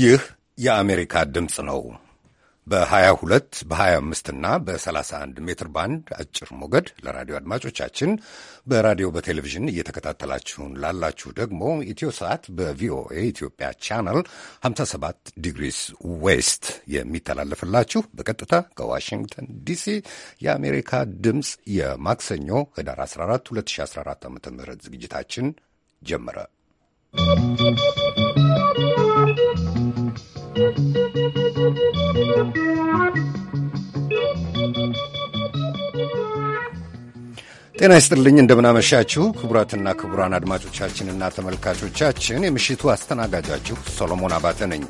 ይህ የአሜሪካ ድምፅ ነው። በ22 በ25 እና በ31 ሜትር ባንድ አጭር ሞገድ ለራዲዮ አድማጮቻችን በራዲዮ በቴሌቪዥን እየተከታተላችሁን ላላችሁ ደግሞ ሰዓት በቪኦኤ ኢትዮጵያ ቻናል 57 ዲግሪስ ዌስት የሚተላለፍላችሁ በቀጥታ ከዋሽንግተን ዲሲ የአሜሪካ ድምፅ የማክሰኞ ህዳር 14 2014 ዓ ም ዝግጅታችን ጀመረ። ጤና ይስጥልኝ እንደምናመሻችሁ ክቡራትና ክቡራን አድማጮቻችንና ተመልካቾቻችን የምሽቱ አስተናጋጃችሁ ሶሎሞን አባተ ነኝ።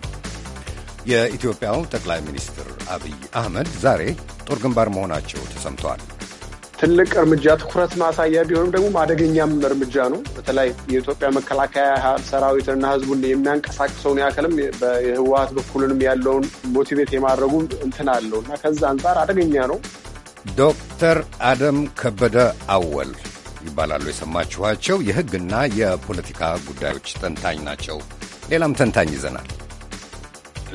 የኢትዮጵያው ጠቅላይ ሚኒስትር አብይ አህመድ ዛሬ ጦር ግንባር መሆናቸው ተሰምተዋል። ትልቅ እርምጃ ትኩረት ማሳያ ቢሆንም ደግሞ አደገኛም እርምጃ ነው። በተለይ የኢትዮጵያ መከላከያ ሰራዊትንና ህዝቡን የሚያንቀሳቅሰውን ያክልም በህወሀት በኩልንም ያለውን ሞቲቬት የማድረጉ እንትን አለው እና ከዛ አንጻር አደገኛ ነው። ዶክተር አደም ከበደ አወል ይባላሉ። የሰማችኋቸው የህግና የፖለቲካ ጉዳዮች ተንታኝ ናቸው። ሌላም ተንታኝ ይዘናል።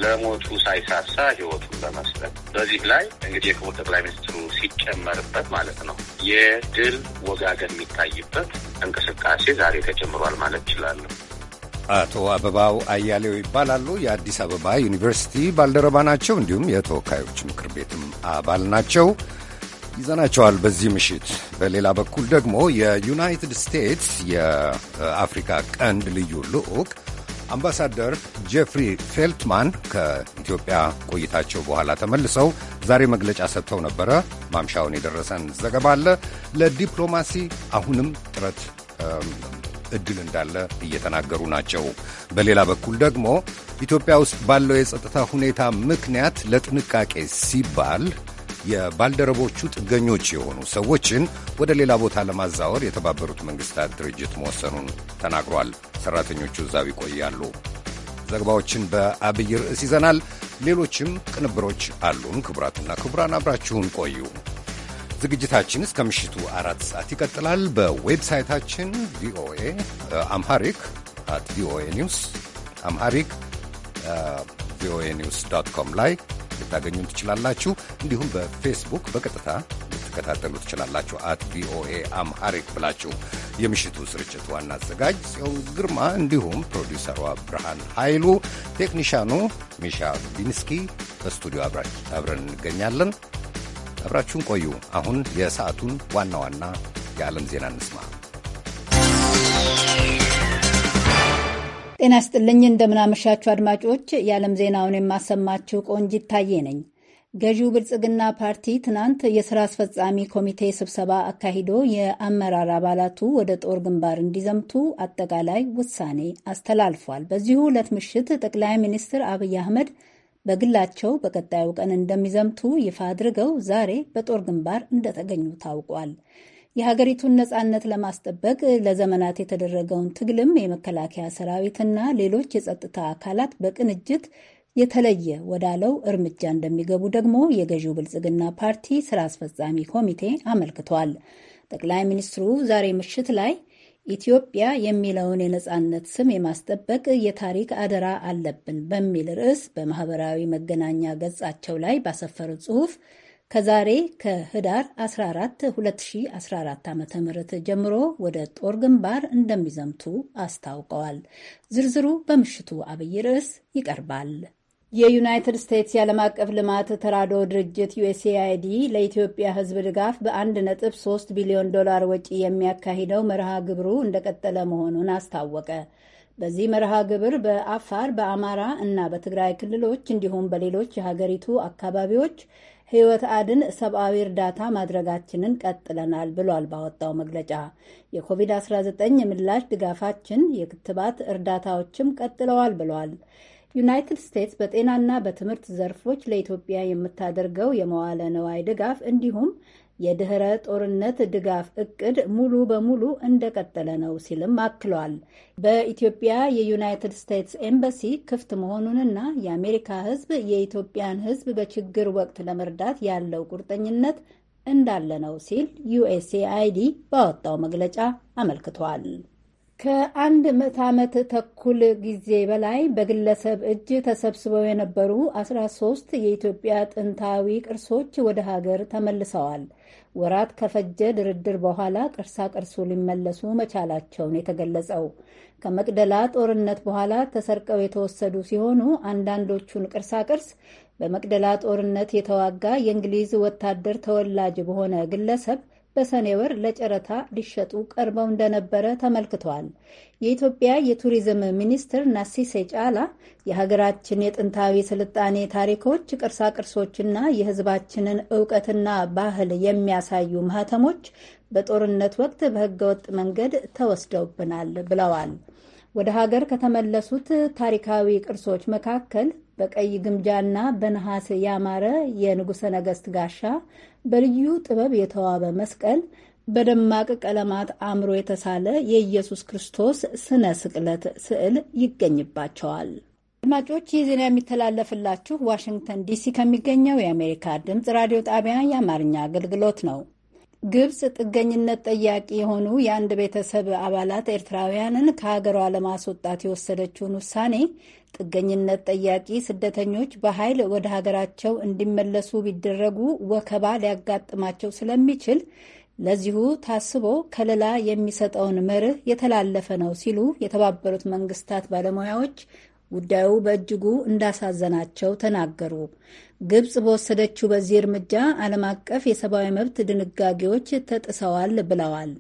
ለሞቱ ሳይሳሳ ህይወቱን በመስጠት በዚህ ላይ እንግዲህ የክቡር ጠቅላይ ሚኒስትሩ ሲጨመርበት ማለት ነው የድል ወጋገን የሚታይበት እንቅስቃሴ ዛሬ ተጀምሯል ማለት ይችላሉ። አቶ አበባው አያሌው ይባላሉ። የአዲስ አበባ ዩኒቨርሲቲ ባልደረባ ናቸው። እንዲሁም የተወካዮች ምክር ቤትም አባል ናቸው። ይዘናቸዋል በዚህ ምሽት። በሌላ በኩል ደግሞ የዩናይትድ ስቴትስ የአፍሪካ ቀንድ ልዩ ልዑክ አምባሳደር ጄፍሪ ፌልትማን ከኢትዮጵያ ቆይታቸው በኋላ ተመልሰው ዛሬ መግለጫ ሰጥተው ነበረ። ማምሻውን የደረሰን ዘገባ አለ። ለዲፕሎማሲ አሁንም ጥረት እድል እንዳለ እየተናገሩ ናቸው። በሌላ በኩል ደግሞ ኢትዮጵያ ውስጥ ባለው የጸጥታ ሁኔታ ምክንያት ለጥንቃቄ ሲባል የባልደረቦቹ ጥገኞች የሆኑ ሰዎችን ወደ ሌላ ቦታ ለማዛወር የተባበሩት መንግሥታት ድርጅት መወሰኑን ተናግሯል። ሠራተኞቹ እዛው ይቆያሉ። ዘገባዎችን በአብይ ርዕስ ይዘናል። ሌሎችም ቅንብሮች አሉን። ክቡራትና ክቡራን አብራችሁን ቆዩ። ዝግጅታችን እስከ ምሽቱ አራት ሰዓት ይቀጥላል። በዌብሳይታችን ቪኦኤ አምሃሪክ አት ቪኦኤ ኒውስ አምሃሪክ ቪኦኤ ኒውስ ዶት ኮም ላይ ልታገኙን ትችላላችሁ። እንዲሁም በፌስቡክ በቀጥታ ልትከታተሉ ትችላላችሁ። አት ቪኦኤ አምሃሪክ ብላችሁ የምሽቱ ስርጭት ዋና አዘጋጅ ጽዮን ግርማ፣ እንዲሁም ፕሮዲውሰሯ ብርሃን ኃይሉ፣ ቴክኒሻኑ ሚሻ ቢንስኪ በስቱዲዮ አብረን እንገኛለን። አብራችሁን ቆዩ። አሁን የሰዓቱን ዋና ዋና የዓለም ዜና እንስማ። ጤና ስጥልኝ፣ እንደምናመሻችሁ አድማጮች፣ የዓለም ዜናውን የማሰማችው ቆንጅ ታዬ ነኝ። ገዢው ብልጽግና ፓርቲ ትናንት የሥራ አስፈጻሚ ኮሚቴ ስብሰባ አካሂዶ የአመራር አባላቱ ወደ ጦር ግንባር እንዲዘምቱ አጠቃላይ ውሳኔ አስተላልፏል። በዚሁ ዕለት ምሽት ጠቅላይ ሚኒስትር አብይ አህመድ በግላቸው በቀጣዩ ቀን እንደሚዘምቱ ይፋ አድርገው ዛሬ በጦር ግንባር እንደተገኙ ታውቋል። የሀገሪቱን ነጻነት ለማስጠበቅ ለዘመናት የተደረገውን ትግልም የመከላከያ ሰራዊትና ሌሎች የጸጥታ አካላት በቅንጅት የተለየ ወዳለው እርምጃ እንደሚገቡ ደግሞ የገዢው ብልጽግና ፓርቲ ስራ አስፈጻሚ ኮሚቴ አመልክቷል። ጠቅላይ ሚኒስትሩ ዛሬ ምሽት ላይ ኢትዮጵያ የሚለውን የነጻነት ስም የማስጠበቅ የታሪክ አደራ አለብን በሚል ርዕስ በማህበራዊ መገናኛ ገጻቸው ላይ ባሰፈሩት ጽሑፍ ከዛሬ ከህዳር 14 2014 ዓ ም ጀምሮ ወደ ጦር ግንባር እንደሚዘምቱ አስታውቀዋል። ዝርዝሩ በምሽቱ አብይ ርዕስ ይቀርባል። የዩናይትድ ስቴትስ የዓለም አቀፍ ልማት ተራድኦ ድርጅት ዩኤስኤአይዲ ለኢትዮጵያ ሕዝብ ድጋፍ በ1.3 ቢሊዮን ዶላር ወጪ የሚያካሂደው መርሃ ግብሩ እንደቀጠለ መሆኑን አስታወቀ። በዚህ መርሃ ግብር በአፋር፣ በአማራ እና በትግራይ ክልሎች እንዲሁም በሌሎች የሀገሪቱ አካባቢዎች ሕይወት አድን ሰብአዊ እርዳታ ማድረጋችንን ቀጥለናል ብሏል ባወጣው መግለጫ። የኮቪድ-19 ምላሽ ድጋፋችን፣ የክትባት እርዳታዎችም ቀጥለዋል ብሏል። ዩናይትድ ስቴትስ በጤናና በትምህርት ዘርፎች ለኢትዮጵያ የምታደርገው የመዋለ ነዋይ ድጋፍ እንዲሁም የድኅረ ጦርነት ድጋፍ እቅድ ሙሉ በሙሉ እንደቀጠለ ነው ሲልም አክሏል። በኢትዮጵያ የዩናይትድ ስቴትስ ኤምባሲ ክፍት መሆኑንና የአሜሪካ ሕዝብ የኢትዮጵያን ሕዝብ በችግር ወቅት ለመርዳት ያለው ቁርጠኝነት እንዳለ ነው ሲል ዩኤስኤአይዲ ባወጣው መግለጫ አመልክቷል። ከአንድ ምዕት ዓመት ተኩል ጊዜ በላይ በግለሰብ እጅ ተሰብስበው የነበሩ 13 የኢትዮጵያ ጥንታዊ ቅርሶች ወደ ሀገር ተመልሰዋል። ወራት ከፈጀ ድርድር በኋላ ቅርሳ ቅርሱ ሊመለሱ መቻላቸውን የተገለጸው ከመቅደላ ጦርነት በኋላ ተሰርቀው የተወሰዱ ሲሆኑ አንዳንዶቹን ቅርሳ ቅርስ በመቅደላ ጦርነት የተዋጋ የእንግሊዝ ወታደር ተወላጅ በሆነ ግለሰብ በሰኔ ወር ለጨረታ ሊሸጡ ቀርበው እንደነበረ ተመልክቷል። የኢትዮጵያ የቱሪዝም ሚኒስትር ናሲሴ ጫላ የሀገራችን የጥንታዊ ስልጣኔ ታሪኮች፣ ቅርሳቅርሶችና የሕዝባችንን እውቀትና ባህል የሚያሳዩ ማህተሞች በጦርነት ወቅት በህገወጥ መንገድ ተወስደውብናል ብለዋል። ወደ ሀገር ከተመለሱት ታሪካዊ ቅርሶች መካከል በቀይ ግምጃና በነሐስ ያማረ የንጉሠ ነገሥት ጋሻ፣ በልዩ ጥበብ የተዋበ መስቀል፣ በደማቅ ቀለማት አምሮ የተሳለ የኢየሱስ ክርስቶስ ስነ ስቅለት ስዕል ይገኝባቸዋል። አድማጮች ይህ ዜና የሚተላለፍላችሁ ዋሽንግተን ዲሲ ከሚገኘው የአሜሪካ ድምፅ ራዲዮ ጣቢያ የአማርኛ አገልግሎት ነው። ግብጽ ጥገኝነት ጠያቂ የሆኑ የአንድ ቤተሰብ አባላት ኤርትራውያንን ከሀገሯ ለማስወጣት የወሰደችውን ውሳኔ ጥገኝነት ጠያቂ ስደተኞች በኃይል ወደ ሀገራቸው እንዲመለሱ ቢደረጉ ወከባ ሊያጋጥማቸው ስለሚችል ለዚሁ ታስቦ ከለላ የሚሰጠውን መርህ የተላለፈ ነው ሲሉ የተባበሩት መንግስታት ባለሙያዎች ጉዳዩ በእጅጉ እንዳሳዘናቸው ተናገሩ። ግብፅ በወሰደችው በዚህ እርምጃ ዓለም አቀፍ የሰብአዊ መብት ድንጋጌዎች ተጥሰዋል ብለዋል።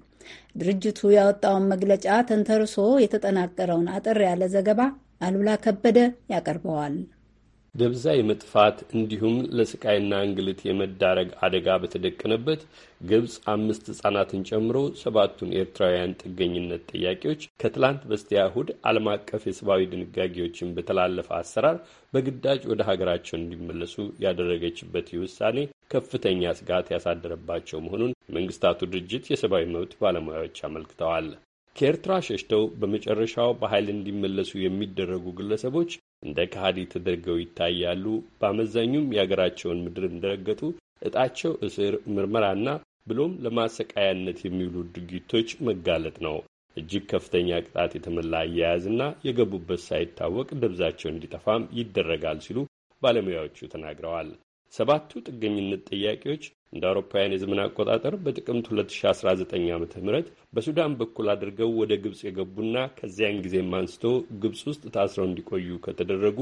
ድርጅቱ ያወጣውን መግለጫ ተንተርሶ የተጠናቀረውን አጠር ያለ ዘገባ አሉላ ከበደ ያቀርበዋል። ደብዛ የመጥፋት እንዲሁም ለስቃይና እንግልት የመዳረግ አደጋ በተደቀነበት ግብፅ አምስት ህጻናትን ጨምሮ ሰባቱን ኤርትራውያን ጥገኝነት ጥያቄዎች ከትላንት በስቲያ እሁድ ዓለም አቀፍ የሰብአዊ ድንጋጌዎችን በተላለፈ አሰራር በግዳጅ ወደ ሀገራቸው እንዲመለሱ ያደረገችበት ውሳኔ ከፍተኛ ስጋት ያሳደረባቸው መሆኑን የመንግስታቱ ድርጅት የሰብአዊ መብት ባለሙያዎች አመልክተዋል። ከኤርትራ ሸሽተው በመጨረሻው በኃይል እንዲመለሱ የሚደረጉ ግለሰቦች እንደ ከሃዲ ተደርገው ይታያሉ። በአመዛኙም የሀገራቸውን ምድር እንደረገጡ እጣቸው እስር፣ ምርመራና ብሎም ለማሰቃያነት የሚውሉ ድርጊቶች መጋለጥ ነው። እጅግ ከፍተኛ ቅጣት የተሞላ አያያዝና የገቡበት ሳይታወቅ ደብዛቸው እንዲጠፋም ይደረጋል ሲሉ ባለሙያዎቹ ተናግረዋል። ሰባቱ ጥገኝነት ጥያቄዎች እንደ አውሮፓውያን የዘመን አቆጣጠር በጥቅምት 2019 ዓ ም በሱዳን በኩል አድርገው ወደ ግብፅ የገቡና ከዚያን ጊዜም አንስቶ ግብፅ ውስጥ ታስረው እንዲቆዩ ከተደረጉ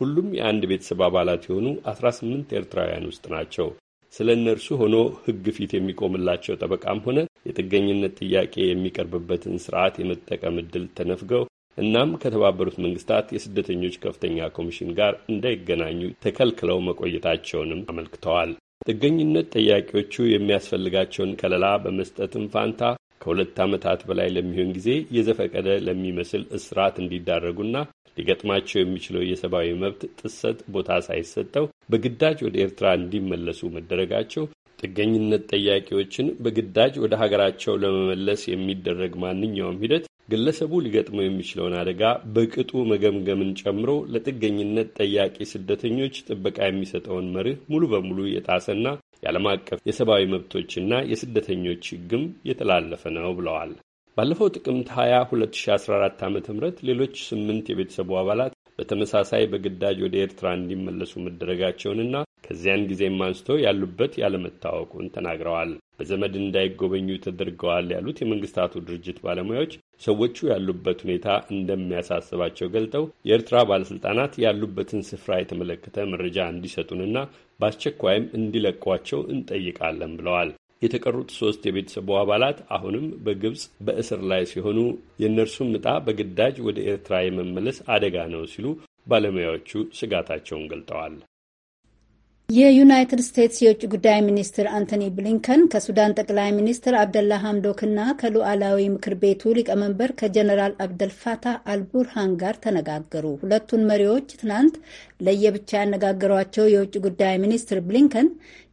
ሁሉም የአንድ ቤተሰብ አባላት የሆኑ 18 ኤርትራውያን ውስጥ ናቸው። ስለ እነርሱ ሆኖ ሕግ ፊት የሚቆምላቸው ጠበቃም ሆነ የጥገኝነት ጥያቄ የሚቀርብበትን ስርዓት የመጠቀም ዕድል ተነፍገው እናም ከተባበሩት መንግስታት የስደተኞች ከፍተኛ ኮሚሽን ጋር እንዳይገናኙ ተከልክለው መቆየታቸውንም አመልክተዋል። ጥገኝነት ጠያቂዎቹ የሚያስፈልጋቸውን ከለላ በመስጠትም ፋንታ ከሁለት ዓመታት በላይ ለሚሆን ጊዜ የዘፈቀደ ለሚመስል እስራት እንዲዳረጉና ሊገጥማቸው የሚችለው የሰብአዊ መብት ጥሰት ቦታ ሳይሰጠው በግዳጅ ወደ ኤርትራ እንዲመለሱ መደረጋቸው ጥገኝነት ጠያቂዎችን በግዳጅ ወደ ሀገራቸው ለመመለስ የሚደረግ ማንኛውም ሂደት ግለሰቡ ሊገጥመው የሚችለውን አደጋ በቅጡ መገምገምን ጨምሮ ለጥገኝነት ጠያቂ ስደተኞች ጥበቃ የሚሰጠውን መርህ ሙሉ በሙሉ የጣሰና የዓለም አቀፍ የሰብአዊ መብቶችና የስደተኞች ሕግም የተላለፈ ነው ብለዋል። ባለፈው ጥቅምት 20 2014 ዓ ም ሌሎች ስምንት የቤተሰቡ አባላት በተመሳሳይ በግዳጅ ወደ ኤርትራ እንዲመለሱ መደረጋቸውንና ከዚያን ጊዜም አንስቶ ያሉበት ያለመታወቁን ተናግረዋል። በዘመድ እንዳይጎበኙ ተደርገዋል ያሉት የመንግስታቱ ድርጅት ባለሙያዎች ሰዎቹ ያሉበት ሁኔታ እንደሚያሳስባቸው ገልጠው የኤርትራ ባለስልጣናት ያሉበትን ስፍራ የተመለከተ መረጃ እንዲሰጡንና በአስቸኳይም እንዲለቋቸው እንጠይቃለን ብለዋል። የተቀሩት ሶስት የቤተሰቡ አባላት አሁንም በግብፅ በእስር ላይ ሲሆኑ የእነርሱም ምጣ በግዳጅ ወደ ኤርትራ የመመለስ አደጋ ነው ሲሉ ባለሙያዎቹ ስጋታቸውን ገልጠዋል። የዩናይትድ ስቴትስ የውጭ ጉዳይ ሚኒስትር አንቶኒ ብሊንከን ከሱዳን ጠቅላይ ሚኒስትር አብደላ ሐምዶክና ከሉዓላዊ ምክር ቤቱ ሊቀመንበር ከጀነራል አብደልፋታህ አልቡርሃን ጋር ተነጋገሩ። ሁለቱን መሪዎች ትናንት ለየብቻ ያነጋገሯቸው የውጭ ጉዳይ ሚኒስትር ብሊንከን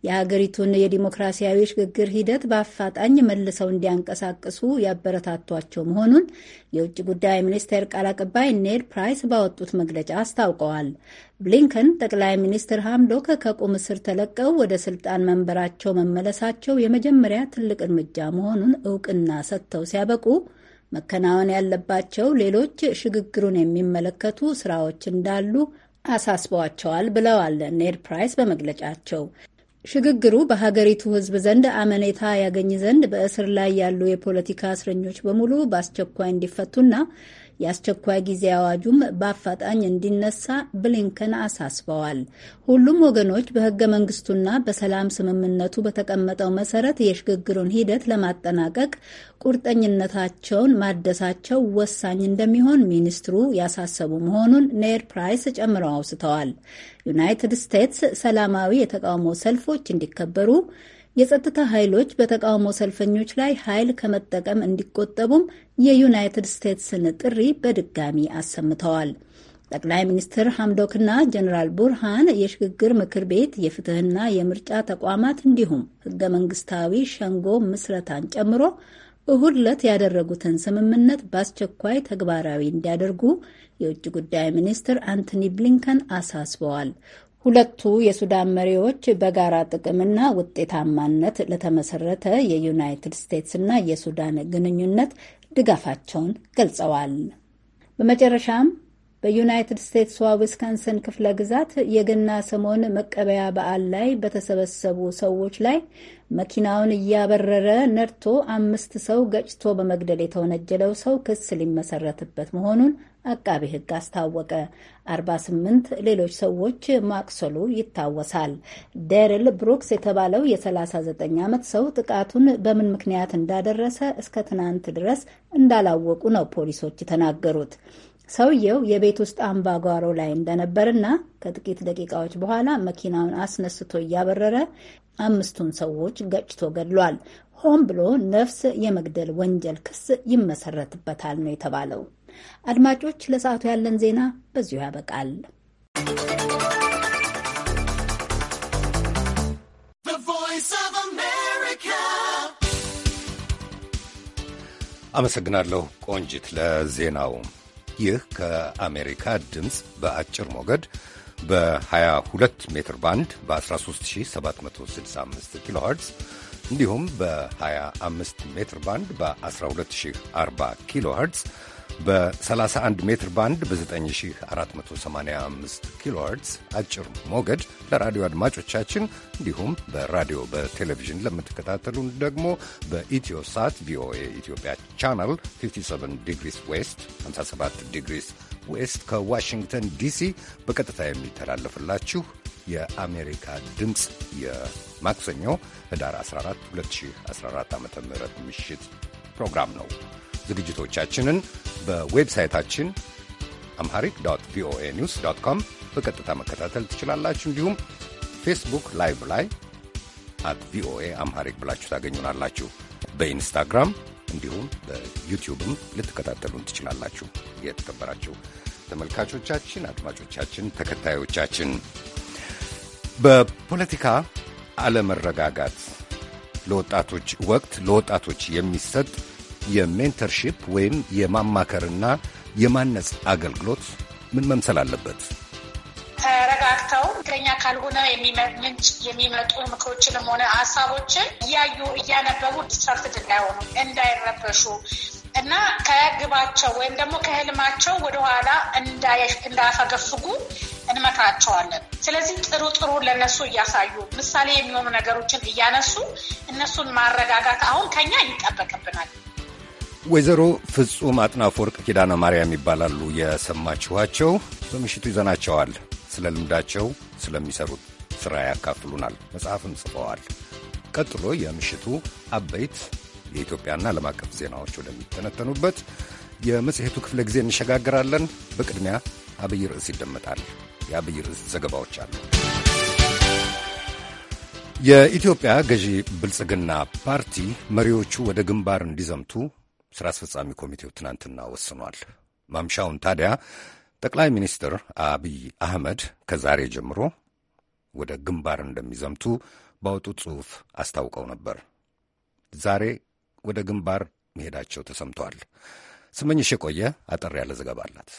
የሀገሪቱን የዲሞክራሲያዊ ሽግግር ሂደት በአፋጣኝ መልሰው እንዲያንቀሳቅሱ ያበረታቷቸው መሆኑን የውጭ ጉዳይ ሚኒስቴር ቃል አቀባይ ኔድ ፕራይስ ባወጡት መግለጫ አስታውቀዋል። ብሊንከን ጠቅላይ ሚኒስትር ሐምዶክ ከቁም እስር ተለቀው ወደ ስልጣን መንበራቸው መመለሳቸው የመጀመሪያ ትልቅ እርምጃ መሆኑን እውቅና ሰጥተው ሲያበቁ መከናወን ያለባቸው ሌሎች ሽግግሩን የሚመለከቱ ስራዎች እንዳሉ አሳስበዋቸዋል ብለዋል ኔድ ፕራይስ በመግለጫቸው። ሽግግሩ በሀገሪቱ ሕዝብ ዘንድ አመኔታ ያገኝ ዘንድ በእስር ላይ ያሉ የፖለቲካ እስረኞች በሙሉ በአስቸኳይ እንዲፈቱና የአስቸኳይ ጊዜ አዋጁም በአፋጣኝ እንዲነሳ ብሊንከን አሳስበዋል። ሁሉም ወገኖች በህገ መንግስቱና በሰላም ስምምነቱ በተቀመጠው መሰረት የሽግግሩን ሂደት ለማጠናቀቅ ቁርጠኝነታቸውን ማደሳቸው ወሳኝ እንደሚሆን ሚኒስትሩ ያሳሰቡ መሆኑን ኔድ ፕራይስ ጨምረው አውስተዋል። ዩናይትድ ስቴትስ ሰላማዊ የተቃውሞ ሰልፎች እንዲከበሩ የጸጥታ ኃይሎች በተቃውሞ ሰልፈኞች ላይ ኃይል ከመጠቀም እንዲቆጠቡም የዩናይትድ ስቴትስን ጥሪ በድጋሚ አሰምተዋል። ጠቅላይ ሚኒስትር ሐምዶክና ጀኔራል ቡርሃን የሽግግር ምክር ቤት የፍትህና የምርጫ ተቋማት እንዲሁም ህገ መንግስታዊ ሸንጎ ምስረታን ጨምሮ እሁድ ዕለት ያደረጉትን ስምምነት በአስቸኳይ ተግባራዊ እንዲያደርጉ የውጭ ጉዳይ ሚኒስትር አንቶኒ ብሊንከን አሳስበዋል። ሁለቱ የሱዳን መሪዎች በጋራ ጥቅምና ውጤታማነት ለተመሰረተ የዩናይትድ ስቴትስና የሱዳን ግንኙነት ድጋፋቸውን ገልጸዋል። በመጨረሻም በዩናይትድ ስቴትስዋ ዊስካንሰን ክፍለ ግዛት የገና ሰሞን መቀበያ በዓል ላይ በተሰበሰቡ ሰዎች ላይ መኪናውን እያበረረ ነድቶ አምስት ሰው ገጭቶ በመግደል የተወነጀለው ሰው ክስ ሊመሰረትበት መሆኑን አቃቢ ሕግ አስታወቀ። 48 ሌሎች ሰዎች ማቁሰሉ ይታወሳል። ደርል ብሩክስ የተባለው የ39 ዓመት ሰው ጥቃቱን በምን ምክንያት እንዳደረሰ እስከ ትናንት ድረስ እንዳላወቁ ነው ፖሊሶች የተናገሩት። ሰውየው የቤት ውስጥ አምባጓሮ ላይ እንደነበርና ከጥቂት ደቂቃዎች በኋላ መኪናውን አስነስቶ እያበረረ አምስቱን ሰዎች ገጭቶ ገድሏል። ሆን ብሎ ነፍስ የመግደል ወንጀል ክስ ይመሰረትበታል ነው የተባለው። አድማጮች፣ ለሰዓቱ ያለን ዜና በዚሁ ያበቃል። አመሰግናለሁ ቆንጂት ለዜናው። ይህ ከአሜሪካ ድምፅ በአጭር ሞገድ በ22 ሜትር ባንድ በ13765 ኪሎ ኸርትዝ እንዲሁም በ25 ሜትር ባንድ በ1240 ኪሎ ኸርትዝ በ31 ሜትር ባንድ በ9485 ኪሎ ሄርትዝ አጭር ሞገድ ለራዲዮ አድማጮቻችን እንዲሁም በራዲዮ በቴሌቪዥን ለምትከታተሉን ደግሞ በኢትዮ ሳት ቪኦኤ ኢትዮጵያ ቻናል 57 ዲግሪስ ዌስት 57 ዲግሪስ ዌስት ከዋሽንግተን ዲሲ በቀጥታ የሚተላለፍላችሁ የአሜሪካ ድምፅ የማክሰኞ ህዳር 14 2014 ዓ ም ምሽት ፕሮግራም ነው። ዝግጅቶቻችንን በዌብሳይታችን አምሃሪክ ዶት ቪኦኤ ኒውስ ዶት ኮም በቀጥታ መከታተል ትችላላችሁ። እንዲሁም ፌስቡክ ላይቭ ላይ አት ቪኦኤ አምሃሪክ ብላችሁ ታገኙናላችሁ። በኢንስታግራም እንዲሁም በዩቲዩብም ልትከታተሉን ትችላላችሁ። የተከበራችሁ ተመልካቾቻችን፣ አድማጮቻችን፣ ተከታዮቻችን በፖለቲካ አለመረጋጋት ለወጣቶች ወቅት ለወጣቶች የሚሰጥ የሜንተርሺፕ ወይም የማማከርና የማነጽ አገልግሎት ምን መምሰል አለበት? ተረጋግተው ትክክለኛ ካልሆነ ምንጭ የሚመጡ ምክሮችንም ሆነ ሀሳቦችን እያዩ እያነበቡ ዲስትራክትድ እንዳይሆኑ እንዳይረበሹ እና ከግባቸው ወይም ደግሞ ከህልማቸው ወደኋላ እንዳያፈገፍጉ እንመክራቸዋለን። ስለዚህ ጥሩ ጥሩ ለነሱ እያሳዩ ምሳሌ የሚሆኑ ነገሮችን እያነሱ እነሱን ማረጋጋት አሁን ከኛ ይጠበቅብናል። ወይዘሮ ፍጹም አጥናፍ ወርቅ ኪዳነ ማርያም ይባላሉ። የሰማችኋቸው በምሽቱ ይዘናቸዋል። ስለ ልምዳቸው ስለሚሰሩት ሥራ ያካፍሉናል። መጽሐፍም ጽፈዋል። ቀጥሎ የምሽቱ አበይት የኢትዮጵያና ዓለም አቀፍ ዜናዎች ወደሚተነተኑበት የመጽሔቱ ክፍለ ጊዜ እንሸጋግራለን። በቅድሚያ አብይ ርዕስ ይደመጣል። የአብይ ርዕስ ዘገባዎች አሉ። የኢትዮጵያ ገዢ ብልጽግና ፓርቲ መሪዎቹ ወደ ግንባር እንዲዘምቱ ስራ አስፈጻሚ ኮሚቴው ትናንትና ወስኗል። ማምሻውን ታዲያ ጠቅላይ ሚኒስትር አብይ አህመድ ከዛሬ ጀምሮ ወደ ግንባር እንደሚዘምቱ ባወጡት ጽሑፍ አስታውቀው ነበር። ዛሬ ወደ ግንባር መሄዳቸው ተሰምተዋል። ስመኝሽ የቆየ አጠር ያለ ዘገባ አላት።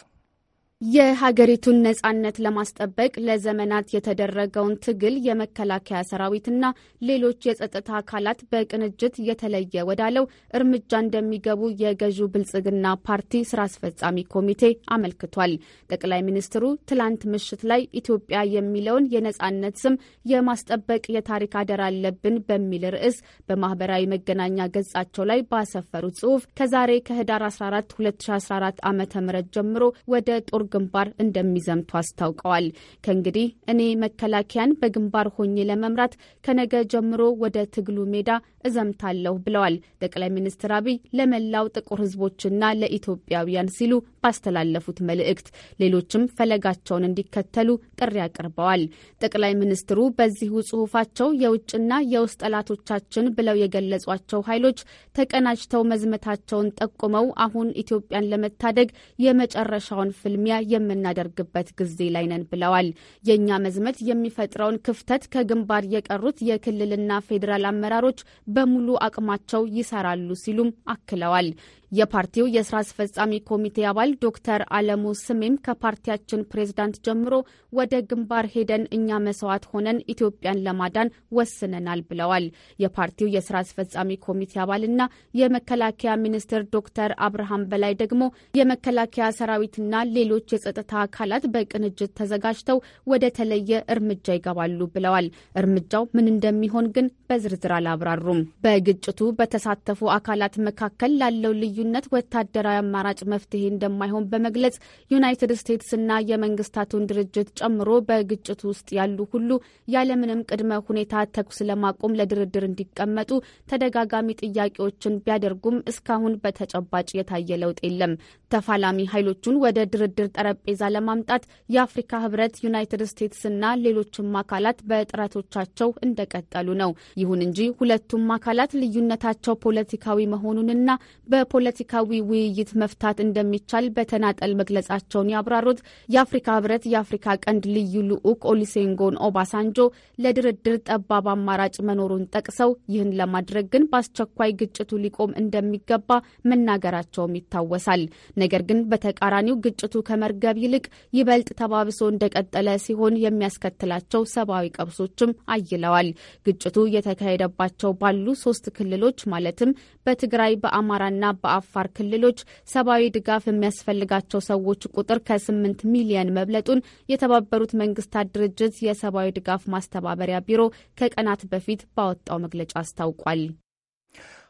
የሀገሪቱን ነጻነት ለማስጠበቅ ለዘመናት የተደረገውን ትግል የመከላከያ ሰራዊትና ሌሎች የጸጥታ አካላት በቅንጅት የተለየ ወዳለው እርምጃ እንደሚገቡ የገዢው ብልጽግና ፓርቲ ስራ አስፈጻሚ ኮሚቴ አመልክቷል። ጠቅላይ ሚኒስትሩ ትላንት ምሽት ላይ ኢትዮጵያ የሚለውን የነጻነት ስም የማስጠበቅ የታሪክ አደራ አለብን በሚል ርዕስ በማህበራዊ መገናኛ ገጻቸው ላይ ባሰፈሩት ጽሁፍ ከዛሬ ከህዳር 14 2014 ዓ ም ጀምሮ ወደ ጦር ግንባር እንደሚዘምቱ አስታውቀዋል። ከእንግዲህ እኔ መከላከያን በግንባር ሆኜ ለመምራት ከነገ ጀምሮ ወደ ትግሉ ሜዳ እዘምታለሁ ብለዋል። ጠቅላይ ሚኒስትር አብይ ለመላው ጥቁር ህዝቦችና ለኢትዮጵያውያን ሲሉ ባስተላለፉት መልእክት ሌሎችም ፈለጋቸውን እንዲከተሉ ጥሪ አቅርበዋል። ጠቅላይ ሚኒስትሩ በዚሁ ጽሁፋቸው የውጭና የውስጥ ጠላቶቻችን ብለው የገለጿቸው ኃይሎች ተቀናጅተው መዝመታቸውን ጠቁመው አሁን ኢትዮጵያን ለመታደግ የመጨረሻውን ፍልሚያ የምናደርግበት ጊዜ ላይ ነን ብለዋል። የእኛ መዝመት የሚፈጥረውን ክፍተት ከግንባር የቀሩት የክልልና ፌዴራል አመራሮች በሙሉ አቅማቸው ይሰራሉ ሲሉም አክለዋል። የፓርቲው የስራ አስፈጻሚ ኮሚቴ አባል ዶክተር አለሙ ስሜም ከፓርቲያችን ፕሬዝዳንት ጀምሮ ወደ ግንባር ሄደን እኛ መስዋዕት ሆነን ኢትዮጵያን ለማዳን ወስነናል ብለዋል። የፓርቲው የስራ አስፈጻሚ ኮሚቴ አባልና የመከላከያ ሚኒስትር ዶክተር አብርሃም በላይ ደግሞ የመከላከያ ሰራዊትና ሌሎች የጸጥታ አካላት በቅንጅት ተዘጋጅተው ወደ ተለየ እርምጃ ይገባሉ ብለዋል። እርምጃው ምን እንደሚሆን ግን በዝርዝር አላብራሩም። በግጭቱ በተሳተፉ አካላት መካከል ላለው ልዩ ልዩነት ወታደራዊ አማራጭ መፍትሄ እንደማይሆን በመግለጽ ዩናይትድ ስቴትስና የመንግስታቱን ድርጅት ጨምሮ በግጭቱ ውስጥ ያሉ ሁሉ ያለምንም ቅድመ ሁኔታ ተኩስ ለማቆም ለድርድር እንዲቀመጡ ተደጋጋሚ ጥያቄዎችን ቢያደርጉም እስካሁን በተጨባጭ የታየ ለውጥ የለም። ተፋላሚ ኃይሎቹን ወደ ድርድር ጠረጴዛ ለማምጣት የአፍሪካ ህብረት፣ ዩናይትድ ስቴትስና ሌሎችም አካላት በጥረቶቻቸው እንደቀጠሉ ነው። ይሁን እንጂ ሁለቱም አካላት ልዩነታቸው ፖለቲካዊ መሆኑንና በፖለ በፖለቲካዊ ውይይት መፍታት እንደሚቻል በተናጠል መግለጻቸውን ያብራሩት የአፍሪካ ህብረት የአፍሪካ ቀንድ ልዩ ልዑክ ኦሊሴንጎን ኦባሳንጆ ለድርድር ጠባብ አማራጭ መኖሩን ጠቅሰው ይህን ለማድረግ ግን በአስቸኳይ ግጭቱ ሊቆም እንደሚገባ መናገራቸውም ይታወሳል። ነገር ግን በተቃራኒው ግጭቱ ከመርገብ ይልቅ ይበልጥ ተባብሶ እንደቀጠለ ሲሆን የሚያስከትላቸው ሰብአዊ ቀብሶችም አይለዋል። ግጭቱ የተካሄደባቸው ባሉ ሶስት ክልሎች ማለትም በትግራይ በአማራና በአ የአፋር ክልሎች ሰብአዊ ድጋፍ የሚያስፈልጋቸው ሰዎች ቁጥር ከ ከ8 ሚሊየን መብለጡን የተባበሩት መንግስታት ድርጅት የሰብአዊ ድጋፍ ማስተባበሪያ ቢሮ ከቀናት በፊት ባወጣው መግለጫ አስታውቋል።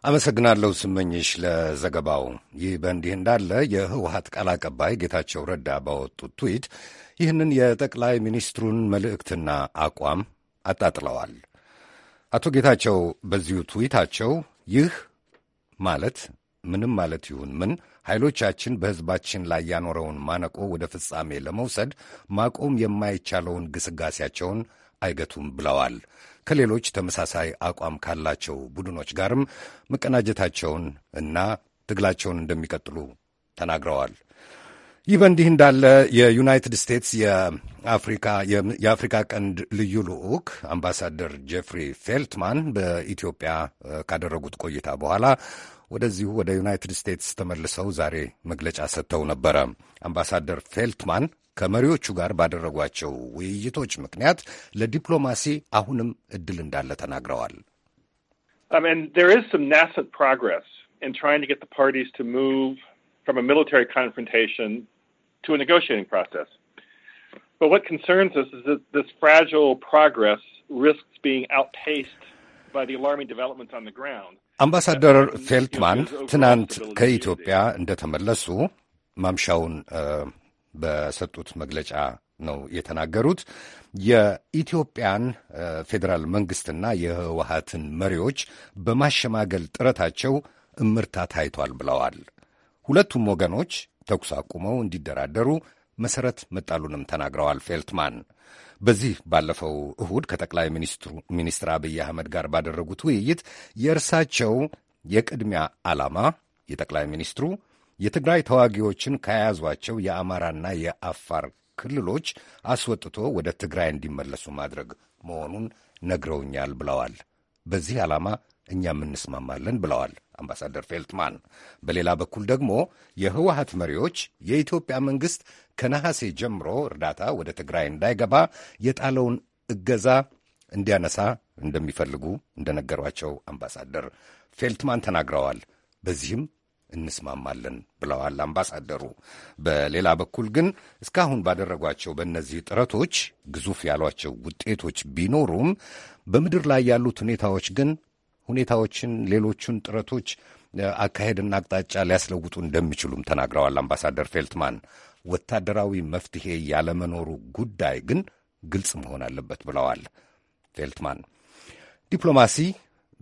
አመሰግናለሁ ስመኝሽ ለዘገባው። ይህ በእንዲህ እንዳለ የህወሀት ቃል አቀባይ ጌታቸው ረዳ ባወጡት ትዊት ይህንን የጠቅላይ ሚኒስትሩን መልእክትና አቋም አጣጥለዋል። አቶ ጌታቸው በዚሁ ትዊታቸው ይህ ማለት ምንም ማለት ይሁን ምን ኃይሎቻችን በሕዝባችን ላይ ያኖረውን ማነቆ ወደ ፍጻሜ ለመውሰድ ማቆም የማይቻለውን ግስጋሴያቸውን አይገቱም ብለዋል። ከሌሎች ተመሳሳይ አቋም ካላቸው ቡድኖች ጋርም መቀናጀታቸውን እና ትግላቸውን እንደሚቀጥሉ ተናግረዋል። ይህ በእንዲህ እንዳለ የዩናይትድ ስቴትስ የአፍሪካ ቀንድ ልዩ ልዑክ አምባሳደር ጄፍሪ ፌልትማን በኢትዮጵያ ካደረጉት ቆይታ በኋላ ወደዚሁ ወደ ዩናይትድ ስቴትስ ተመልሰው ዛሬ መግለጫ ሰጥተው ነበረ። አምባሳደር ፌልትማን ከመሪዎቹ ጋር ባደረጓቸው ውይይቶች ምክንያት ለዲፕሎማሲ አሁንም እድል እንዳለ ተናግረዋል። አምባሳደር ፌልትማን ትናንት ከኢትዮጵያ እንደተመለሱ ማምሻውን በሰጡት መግለጫ ነው የተናገሩት። የኢትዮጵያን ፌዴራል መንግስትና የህወሀትን መሪዎች በማሸማገል ጥረታቸው እምርታ ታይቷል ብለዋል። ሁለቱም ወገኖች ተኩስ አቁመው እንዲደራደሩ መሰረት መጣሉንም ተናግረዋል ፌልትማን በዚህ ባለፈው እሁድ ከጠቅላይ ሚኒስትር አብይ አህመድ ጋር ባደረጉት ውይይት የእርሳቸው የቅድሚያ ዓላማ የጠቅላይ ሚኒስትሩ የትግራይ ተዋጊዎችን ከያዟቸው የአማራና የአፋር ክልሎች አስወጥቶ ወደ ትግራይ እንዲመለሱ ማድረግ መሆኑን ነግረውኛል ብለዋል። በዚህ ዓላማ እኛም እንስማማለን ብለዋል። አምባሳደር ፌልትማን። በሌላ በኩል ደግሞ የህወሀት መሪዎች የኢትዮጵያ መንግሥት ከነሐሴ ጀምሮ እርዳታ ወደ ትግራይ እንዳይገባ የጣለውን እገዛ እንዲያነሳ እንደሚፈልጉ እንደነገሯቸው አምባሳደር ፌልትማን ተናግረዋል። በዚህም እንስማማለን ብለዋል አምባሳደሩ። በሌላ በኩል ግን እስካሁን ባደረጓቸው በእነዚህ ጥረቶች ግዙፍ ያሏቸው ውጤቶች ቢኖሩም በምድር ላይ ያሉት ሁኔታዎች ግን ሁኔታዎችን፣ ሌሎቹን ጥረቶች አካሄድና አቅጣጫ ሊያስለውጡ እንደሚችሉም ተናግረዋል። አምባሳደር ፌልትማን ወታደራዊ መፍትሄ ያለመኖሩ ጉዳይ ግን ግልጽ መሆን አለበት ብለዋል። ፌልትማን ዲፕሎማሲ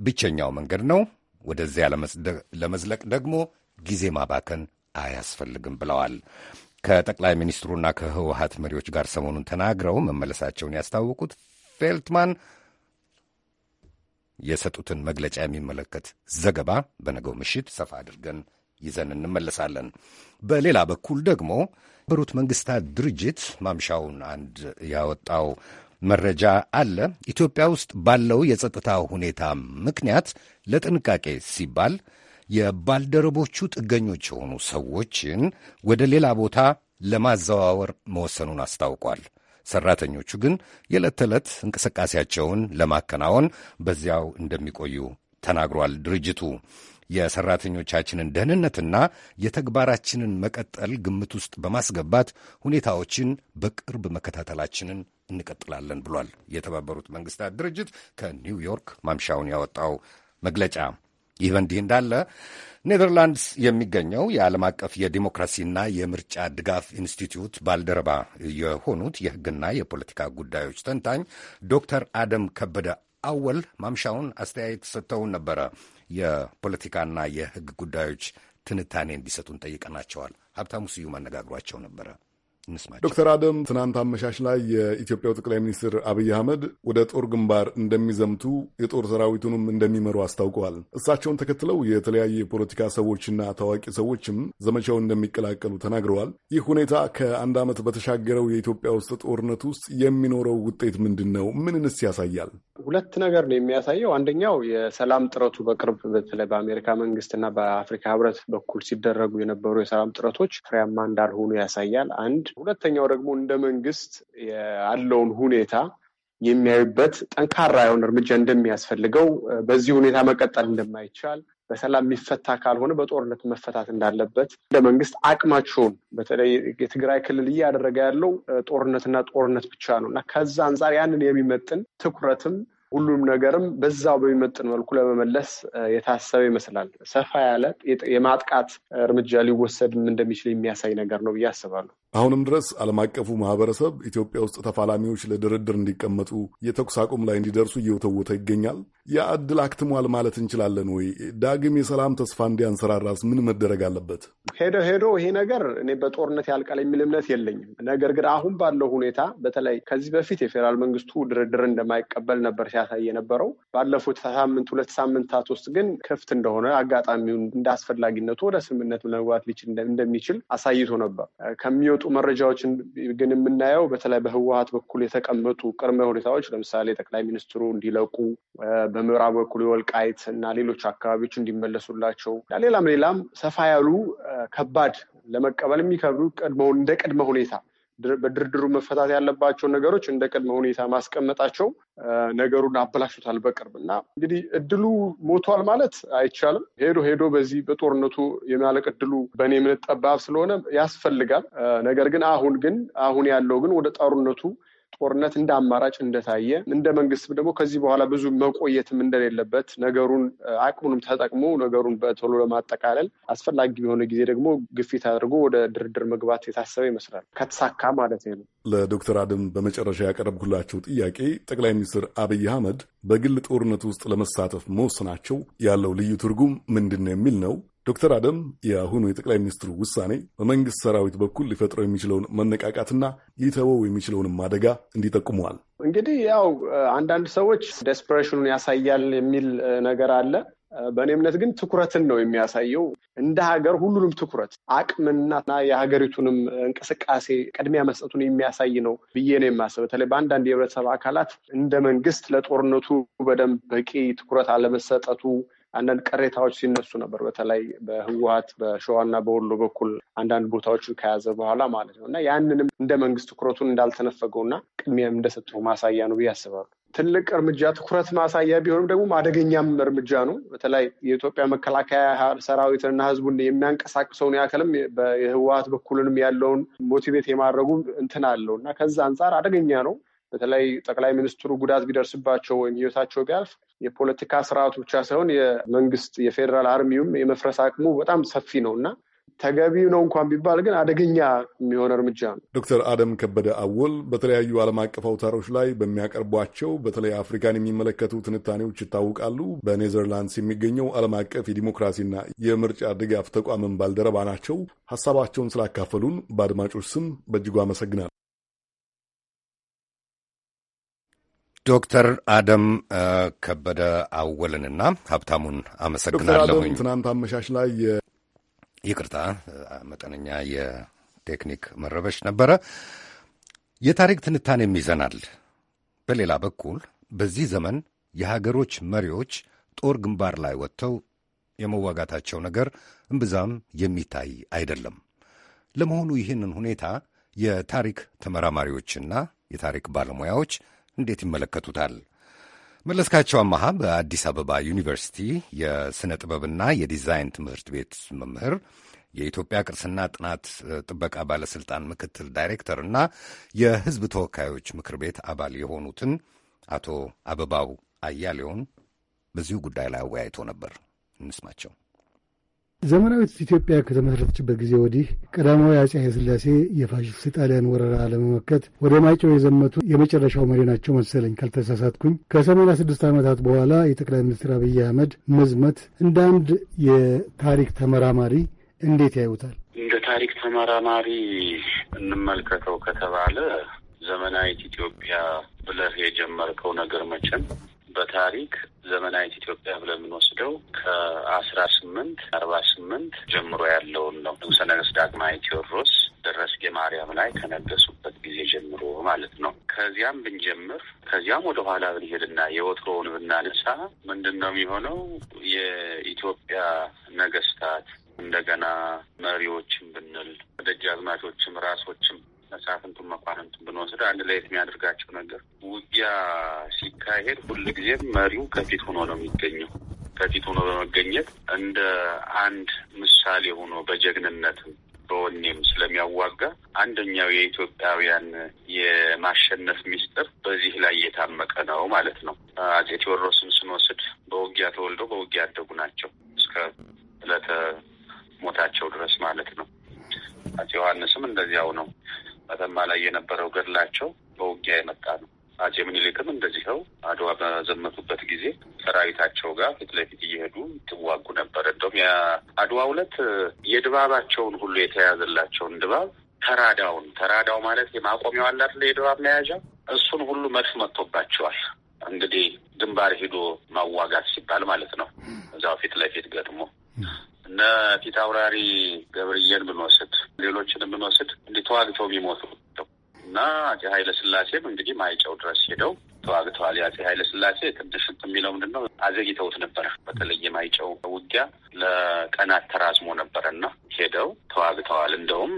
ብቸኛው መንገድ ነው፣ ወደዚያ ለመዝለቅ ደግሞ ጊዜ ማባከን አያስፈልግም ብለዋል። ከጠቅላይ ሚኒስትሩና ከህወሀት መሪዎች ጋር ሰሞኑን ተናግረው መመለሳቸውን ያስታወቁት ፌልትማን የሰጡትን መግለጫ የሚመለከት ዘገባ በነገው ምሽት ሰፋ አድርገን ይዘን እንመለሳለን። በሌላ በኩል ደግሞ የተባበሩት መንግስታት ድርጅት ማምሻውን አንድ ያወጣው መረጃ አለ። ኢትዮጵያ ውስጥ ባለው የጸጥታ ሁኔታ ምክንያት ለጥንቃቄ ሲባል የባልደረቦቹ ጥገኞች የሆኑ ሰዎችን ወደ ሌላ ቦታ ለማዘዋወር መወሰኑን አስታውቋል። ሰራተኞቹ ግን የዕለት ተዕለት እንቅስቃሴያቸውን ለማከናወን በዚያው እንደሚቆዩ ተናግሯል ድርጅቱ። የሰራተኞቻችንን ደህንነትና የተግባራችንን መቀጠል ግምት ውስጥ በማስገባት ሁኔታዎችን በቅርብ መከታተላችንን እንቀጥላለን ብሏል። የተባበሩት መንግስታት ድርጅት ከኒውዮርክ ማምሻውን ያወጣው መግለጫ ይህ በእንዲህ እንዳለ ኔዘርላንድስ የሚገኘው የዓለም አቀፍ የዲሞክራሲና የምርጫ ድጋፍ ኢንስቲትዩት ባልደረባ የሆኑት የሕግና የፖለቲካ ጉዳዮች ተንታኝ ዶክተር አደም ከበደ አወል ማምሻውን አስተያየት ሰጥተውን ነበረ። የፖለቲካና የሕግ ጉዳዮች ትንታኔ እንዲሰጡን ጠይቀናቸዋል። ሀብታሙ ስዩም አነጋግሯቸው ነበረ። እንስማቸው። ዶክተር አደም ትናንት አመሻሽ ላይ የኢትዮጵያው ጠቅላይ ሚኒስትር አብይ አህመድ ወደ ጦር ግንባር እንደሚዘምቱ የጦር ሰራዊቱንም እንደሚመሩ አስታውቀዋል። እሳቸውን ተከትለው የተለያዩ የፖለቲካ ሰዎችና ታዋቂ ሰዎችም ዘመቻውን እንደሚቀላቀሉ ተናግረዋል። ይህ ሁኔታ ከአንድ ዓመት በተሻገረው የኢትዮጵያ ውስጥ ጦርነት ውስጥ የሚኖረው ውጤት ምንድን ነው? ምንንስ ያሳያል? ሁለት ነገር ነው የሚያሳየው። አንደኛው የሰላም ጥረቱ በቅርብ በተለይ በአሜሪካ መንግስትና በአፍሪካ ህብረት በኩል ሲደረጉ የነበሩ የሰላም ጥረቶች ፍሬያማ እንዳልሆኑ ያሳያል። አንድ ሁለተኛው ደግሞ እንደ መንግስት ያለውን ሁኔታ የሚያዩበት ጠንካራ የሆነ እርምጃ እንደሚያስፈልገው፣ በዚህ ሁኔታ መቀጠል እንደማይቻል፣ በሰላም የሚፈታ ካልሆነ በጦርነት መፈታት እንዳለበት እንደ መንግስት አቅማቸውን በተለይ የትግራይ ክልል እያደረገ ያለው ጦርነትና ጦርነት ብቻ ነው እና ከዛ አንጻር ያንን የሚመጥን ትኩረትም ሁሉም ነገርም በዛው በሚመጥን መልኩ ለመመለስ የታሰበ ይመስላል። ሰፋ ያለ የማጥቃት እርምጃ ሊወሰድም እንደሚችል የሚያሳይ ነገር ነው ብዬ አስባለሁ። አሁንም ድረስ ዓለም አቀፉ ማህበረሰብ ኢትዮጵያ ውስጥ ተፋላሚዎች ለድርድር እንዲቀመጡ የተኩስ አቁም ላይ እንዲደርሱ እየወተወተ ይገኛል። ያ ዕድል አክትሟል ማለት እንችላለን ወይ? ዳግም የሰላም ተስፋ እንዲያንሰራራስ ምን መደረግ አለበት? ሄዶ ሄዶ ይሄ ነገር እኔ በጦርነት ያልቃል የሚል እምነት የለኝም። ነገር ግን አሁን ባለው ሁኔታ በተለይ ከዚህ በፊት የፌዴራል መንግስቱ ድርድር እንደማይቀበል ነበር ሲያሳይ የነበረው። ባለፉት ሳምንት ሁለት ሳምንታት ውስጥ ግን ክፍት እንደሆነ አጋጣሚውን እንደ አስፈላጊነቱ ወደ ስምምነት ለመግባት ሊችል እንደሚችል አሳይቶ ነበር ከሚወ የሚወጡ መረጃዎችን ግን የምናየው በተለይ በህወሀት በኩል የተቀመጡ ቅድመ ሁኔታዎች ለምሳሌ ጠቅላይ ሚኒስትሩ እንዲለቁ፣ በምዕራብ በኩል የወልቃይት እና ሌሎች አካባቢዎች እንዲመለሱላቸው ሌላም ሌላም ሰፋ ያሉ ከባድ ለመቀበል የሚከብዱ እንደ ቅድመ ሁኔታ በድርድሩ መፈታት ያለባቸውን ነገሮች እንደ ቅድመ ሁኔታ ማስቀመጣቸው ነገሩን አበላሽቶታል። በቅርብ እና እንግዲህ እድሉ ሞቷል ማለት አይቻልም። ሄዶ ሄዶ በዚህ በጦርነቱ የሚያለቅ እድሉ በእኔ እምነት ጠባብ ስለሆነ ያስፈልጋል። ነገር ግን አሁን ግን አሁን ያለው ግን ወደ ጦርነቱ ጦርነት እንደ አማራጭ እንደታየ እንደ መንግስትም ደግሞ ከዚህ በኋላ ብዙ መቆየትም እንደሌለበት ነገሩን አቅሙንም ተጠቅሞ ነገሩን በቶሎ ለማጠቃለል አስፈላጊ የሆነ ጊዜ ደግሞ ግፊት አድርጎ ወደ ድርድር መግባት የታሰበ ይመስላል። ከተሳካ ማለት ነው። ለዶክተር አድም በመጨረሻ ያቀረብኩላቸው ጥያቄ ጠቅላይ ሚኒስትር አብይ አህመድ በግል ጦርነት ውስጥ ለመሳተፍ መወሰናቸው ያለው ልዩ ትርጉም ምንድን ነው የሚል ነው። ዶክተር አደም የአሁኑ የጠቅላይ ሚኒስትሩ ውሳኔ በመንግስት ሰራዊት በኩል ሊፈጥረው የሚችለውን መነቃቃትና ሊተወው የሚችለውንም አደጋ እንዲጠቁመዋል። እንግዲህ ያው አንዳንድ ሰዎች ደስፐሬሽኑን ያሳያል የሚል ነገር አለ። በእኔ እምነት ግን ትኩረትን ነው የሚያሳየው። እንደ ሀገር ሁሉንም ትኩረት አቅምና የሀገሪቱንም እንቅስቃሴ ቅድሚያ መስጠቱን የሚያሳይ ነው ብዬ ነው የማስብ። በተለይ በአንዳንድ የህብረተሰብ አካላት እንደ መንግስት ለጦርነቱ በደንብ በቂ ትኩረት አለመሰጠቱ አንዳንድ ቅሬታዎች ሲነሱ ነበር። በተለይ በህወሀት በሸዋና በወሎ በኩል አንዳንድ ቦታዎችን ከያዘ በኋላ ማለት ነው እና ያንንም እንደ መንግስት ትኩረቱን እንዳልተነፈገውና ቅድሚያም እንደሰጠው ማሳያ ነው ብዬ አስባለሁ። ትልቅ እርምጃ ትኩረት ማሳያ ቢሆንም ደግሞ አደገኛም እርምጃ ነው። በተለይ የኢትዮጵያ መከላከያ ሰራዊትንና ህዝቡን የሚያንቀሳቅሰውን ያክልም በህወሀት በኩልንም ያለውን ሞቲቬት የማድረጉ እንትን አለው እና ከዛ አንጻር አደገኛ ነው። በተለይ ጠቅላይ ሚኒስትሩ ጉዳት ቢደርስባቸው ወይም ህይወታቸው ቢያልፍ የፖለቲካ ስርዓቱ ብቻ ሳይሆን የመንግስት የፌዴራል አርሚውም የመፍረስ አቅሙ በጣም ሰፊ ነው እና ተገቢው ነው እንኳን ቢባል ግን አደገኛ የሚሆን እርምጃ ነው። ዶክተር አደም ከበደ አወል በተለያዩ ዓለም አቀፍ አውታሮች ላይ በሚያቀርቧቸው በተለይ አፍሪካን የሚመለከቱ ትንታኔዎች ይታወቃሉ። በኔዘርላንድስ የሚገኘው ዓለም አቀፍ የዲሞክራሲና የምርጫ ድጋፍ ተቋምን ባልደረባ ናቸው። ሀሳባቸውን ስላካፈሉን በአድማጮች ስም በእጅጉ አመሰግናለሁ። ዶክተር አደም ከበደ አወልንና ሀብታሙን አመሰግናለሁኝ። ትናንት አመሻሽ ላይ ይቅርታ፣ መጠነኛ የቴክኒክ መረበሽ ነበረ። የታሪክ ትንታኔም ይዘናል። በሌላ በኩል በዚህ ዘመን የሀገሮች መሪዎች ጦር ግንባር ላይ ወጥተው የመዋጋታቸው ነገር እምብዛም የሚታይ አይደለም። ለመሆኑ ይህንን ሁኔታ የታሪክ ተመራማሪዎችና የታሪክ ባለሙያዎች እንዴት ይመለከቱታል? መለስካቸው አመሃ በአዲስ አበባ ዩኒቨርሲቲ የሥነ ጥበብና የዲዛይን ትምህርት ቤት መምህር የኢትዮጵያ ቅርስና ጥናት ጥበቃ ባለሥልጣን ምክትል ዳይሬክተር እና የሕዝብ ተወካዮች ምክር ቤት አባል የሆኑትን አቶ አበባው አያሌውን በዚሁ ጉዳይ ላይ አወያይቶ ነበር። እንስማቸው። ዘመናዊት ኢትዮጵያ ከተመሠረተችበት ጊዜ ወዲህ ቀዳማዊ አጼ ኃይለሥላሴ የፋሽስት ጣሊያን ወረራ ለመመከት ወደ ማይጨው የዘመቱ የመጨረሻው መሪ ናቸው መሰለኝ ካልተሳሳትኩኝ። ከሰማንያ ስድስት ዓመታት በኋላ የጠቅላይ ሚኒስትር አብይ አህመድ መዝመት እንደ አንድ የታሪክ ተመራማሪ እንዴት ያዩታል? እንደ ታሪክ ተመራማሪ እንመልከተው ከተባለ ዘመናዊት ኢትዮጵያ ብለህ የጀመርከው ነገር መቼም በታሪክ ዘመናዊት ኢትዮጵያ ብለን የምንወስደው ከአስራ ስምንት አርባ ስምንት ጀምሮ ያለውን ነው። ንጉሠ ነገሥት ዳግማዊ ቴዎድሮስ ደረስጌ ማርያም ላይ ከነገሱበት ጊዜ ጀምሮ ማለት ነው። ከዚያም ብንጀምር ከዚያም ወደ ኋላ ብንሄድና የወትሮውን ብናነሳ ምንድን ነው የሚሆነው? የኢትዮጵያ ነገስታት እንደገና መሪዎችም ብንል ደጃዝማቾችም ራሶችም መሳፍንቱን መኳንንቱን ብንወስድ አንድ ላይ የሚያደርጋቸው ነገር ውጊያ ሲካሄድ ሁልጊዜም መሪው ከፊት ሆኖ ነው የሚገኘው። ከፊት ሆኖ በመገኘት እንደ አንድ ምሳሌ ሆኖ በጀግንነትም በወኔም ስለሚያዋጋ አንደኛው የኢትዮጵያውያን የማሸነፍ ሚስጥር በዚህ ላይ እየታመቀ ነው ማለት ነው። አፄ ቴዎድሮስን ስንወስድ በውጊያ ተወልደው በውጊያ ያደጉ ናቸው እስከ ዕለተ ሞታቸው ድረስ ማለት ነው። አፄ ዮሐንስም እንደዚያው ነው። መተማ ላይ የነበረው ገድላቸው በውጊያ የመጣ ነው። አጼ ምኒልክም እንደዚህው አድዋ በዘመቱበት ጊዜ ሰራዊታቸው ጋር ፊት ለፊት እየሄዱ ትዋጉ ነበር። እንደውም የአድዋ ሁለት የድባባቸውን ሁሉ የተያዘላቸውን ድባብ ተራዳውን ተራዳው ማለት የማቆሚያው አለ የድባብ መያዣ እሱን ሁሉ መድፍ መጥቶባቸዋል። እንግዲህ ግንባር ሂዶ ማዋጋት ሲባል ማለት ነው። እዛው ፊት ለፊት ገጥሞ እነ ፊት አውራሪ ገብርዬን ብንወስድ ሌሎችን የምንወስድ እንዲህ ተዋግተው ቢሞቱ እና አፄ ኃይለ ስላሴም እንግዲህ ማይጨው ድረስ ሄደው ተዋግተዋል። የአፄ ኃይለ ስላሴ ትንሽ እንትን የሚለው ምንድን ነው አዘግይተውት ነበረ። በተለይ የማይጨው ውጊያ ለቀናት ተራዝሞ ነበረና ሄደው ተዋግተዋል። እንደውም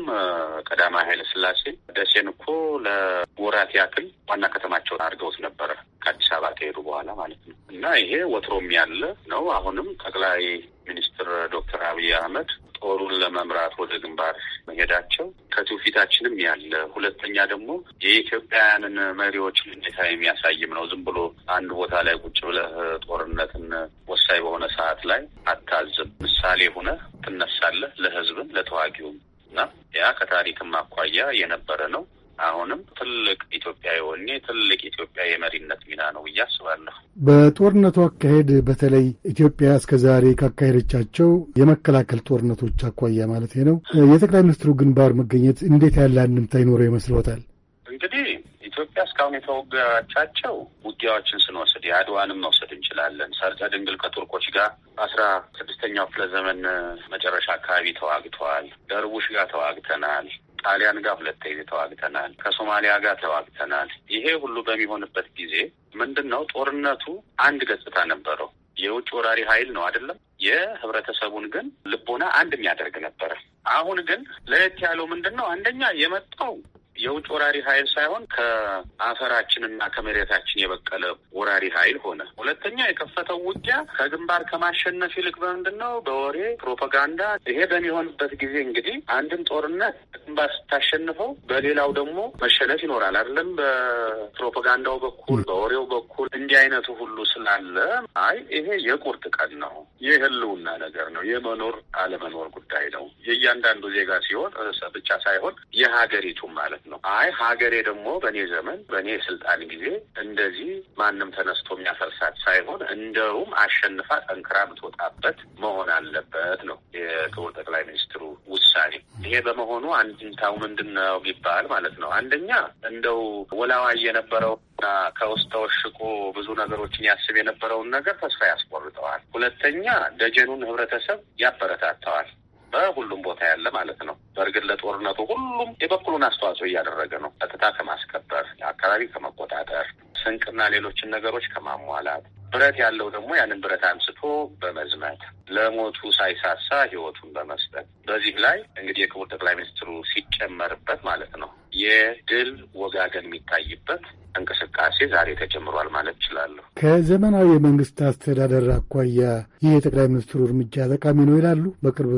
ቀዳማዊ ኃይለ ስላሴ ደሴን እኮ ለወራት ያክል ዋና ከተማቸውን አድርገውት ነበረ ከአዲስ አበባ ከሄዱ በኋላ ማለት ነው። እና ይሄ ወትሮም ያለ ነው። አሁንም ጠቅላይ ሚኒስትር ዶክተር አብይ አህመድ ጦሩን ለመምራት ወደ ግንባር መሄዳቸው ከትውፊታችንም ያለ ሁለተኛ ደግሞ የኢትዮጵያውያንን መሪዎች ልኔታ የሚያሳይም ነው። ዝም ብሎ አንድ ቦታ ላይ ቁጭ ብለህ ጦርነትን ወሳኝ በሆነ ሰዓት ላይ አታዝም። ምሳሌ ሁነህ ትነሳለህ፣ ለህዝብን ለተዋጊውም እና ያ ከታሪክም አኳያ የነበረ ነው። አሁንም ትልቅ ኢትዮጵያ የሆኔ ትልቅ ኢትዮጵያ የመሪነት ሚና ነው ብዬ አስባለሁ። በጦርነቱ አካሄድ በተለይ ኢትዮጵያ እስከዛሬ ካካሄደቻቸው የመከላከል ጦርነቶች አኳያ ማለት ነው የጠቅላይ ሚኒስትሩ ግንባር መገኘት እንዴት ያለ አንድምታ ይኖረው ይመስሎታል? እንግዲህ ኢትዮጵያ እስካሁን የተወጋቻቸው ውጊያዎችን ስንወስድ የአድዋንም መውሰድ እንችላለን። ሰርጸ ድንግል ከቱርኮች ጋር አስራ ስድስተኛው ክፍለ ዘመን መጨረሻ አካባቢ ተዋግተዋል። ደርቡሽ ጋር ተዋግተናል። ጣሊያን ጋር ሁለት ጊዜ ተዋግተናል። ከሶማሊያ ጋር ተዋግተናል። ይሄ ሁሉ በሚሆንበት ጊዜ ምንድን ነው ጦርነቱ አንድ ገጽታ ነበረው። የውጭ ወራሪ ኃይል ነው አይደለም። የህብረተሰቡን ግን ልቦና አንድ የሚያደርግ ነበረ። አሁን ግን ለየት ያለው ምንድን ነው? አንደኛ የመጣው የውጭ ወራሪ ኃይል ሳይሆን ከአፈራችንና ከመሬታችን የበቀለ ወራሪ ኃይል ሆነ። ሁለተኛ የከፈተው ውጊያ ከግንባር ከማሸነፍ ይልቅ በምንድን ነው በወሬ ፕሮፓጋንዳ። ይሄ በሚሆንበት ጊዜ እንግዲህ አንድን ጦርነት በአንባ ስታሸንፈው በሌላው ደግሞ መሸነፍ ይኖራል አይደለም? በፕሮፓጋንዳው በኩል በወሬው በኩል እንዲህ አይነቱ ሁሉ ስላለ አይ ይሄ የቁርጥ ቀን ነው፣ የህልውና ነገር ነው፣ የመኖር አለመኖር ጉዳይ ነው። የእያንዳንዱ ዜጋ ሲሆን ብቻ ሳይሆን የሀገሪቱም ማለት ነው። አይ ሀገሬ ደግሞ በእኔ ዘመን በእኔ የስልጣን ጊዜ እንደዚህ ማንም ተነስቶ የሚያፈርሳት ሳይሆን እንደውም አሸንፋ ጠንክራ የምትወጣበት መሆን አለበት ነው የክቡር ጠቅላይ ሚኒስትሩ ውሳኔ። ይሄ በመሆኑ አንድ ጁንታው ምንድን ነው ቢባል ማለት ነው አንደኛ እንደው ወላዋይ የነበረው እና ከውስጥ ተወሽቆ ብዙ ነገሮችን ያስብ የነበረውን ነገር ተስፋ ያስቆርጠዋል። ሁለተኛ ደጀኑን ህብረተሰብ ያበረታተዋል። በሁሉም ቦታ ያለ ማለት ነው። በእርግጥ ለጦርነቱ ሁሉም የበኩሉን አስተዋጽኦ እያደረገ ነው። ጸጥታ ከማስከበር፣ አካባቢ ከመቆጣጠር፣ ስንቅና ሌሎችን ነገሮች ከማሟላት ብረት ያለው ደግሞ ያንን ብረት አንስቶ በመዝመት ለሞቱ ሳይሳሳ ህይወቱን በመስጠት በዚህ ላይ እንግዲህ የክቡር ጠቅላይ ሚኒስትሩ ሲጨመርበት ማለት ነው የድል ወጋገን የሚታይበት እንቅስቃሴ ዛሬ ተጀምሯል ማለት እችላለሁ። ከዘመናዊ የመንግስት አስተዳደር አኳያ ይህ የጠቅላይ ሚኒስትሩ እርምጃ ጠቃሚ ነው ይላሉ? በቅርብ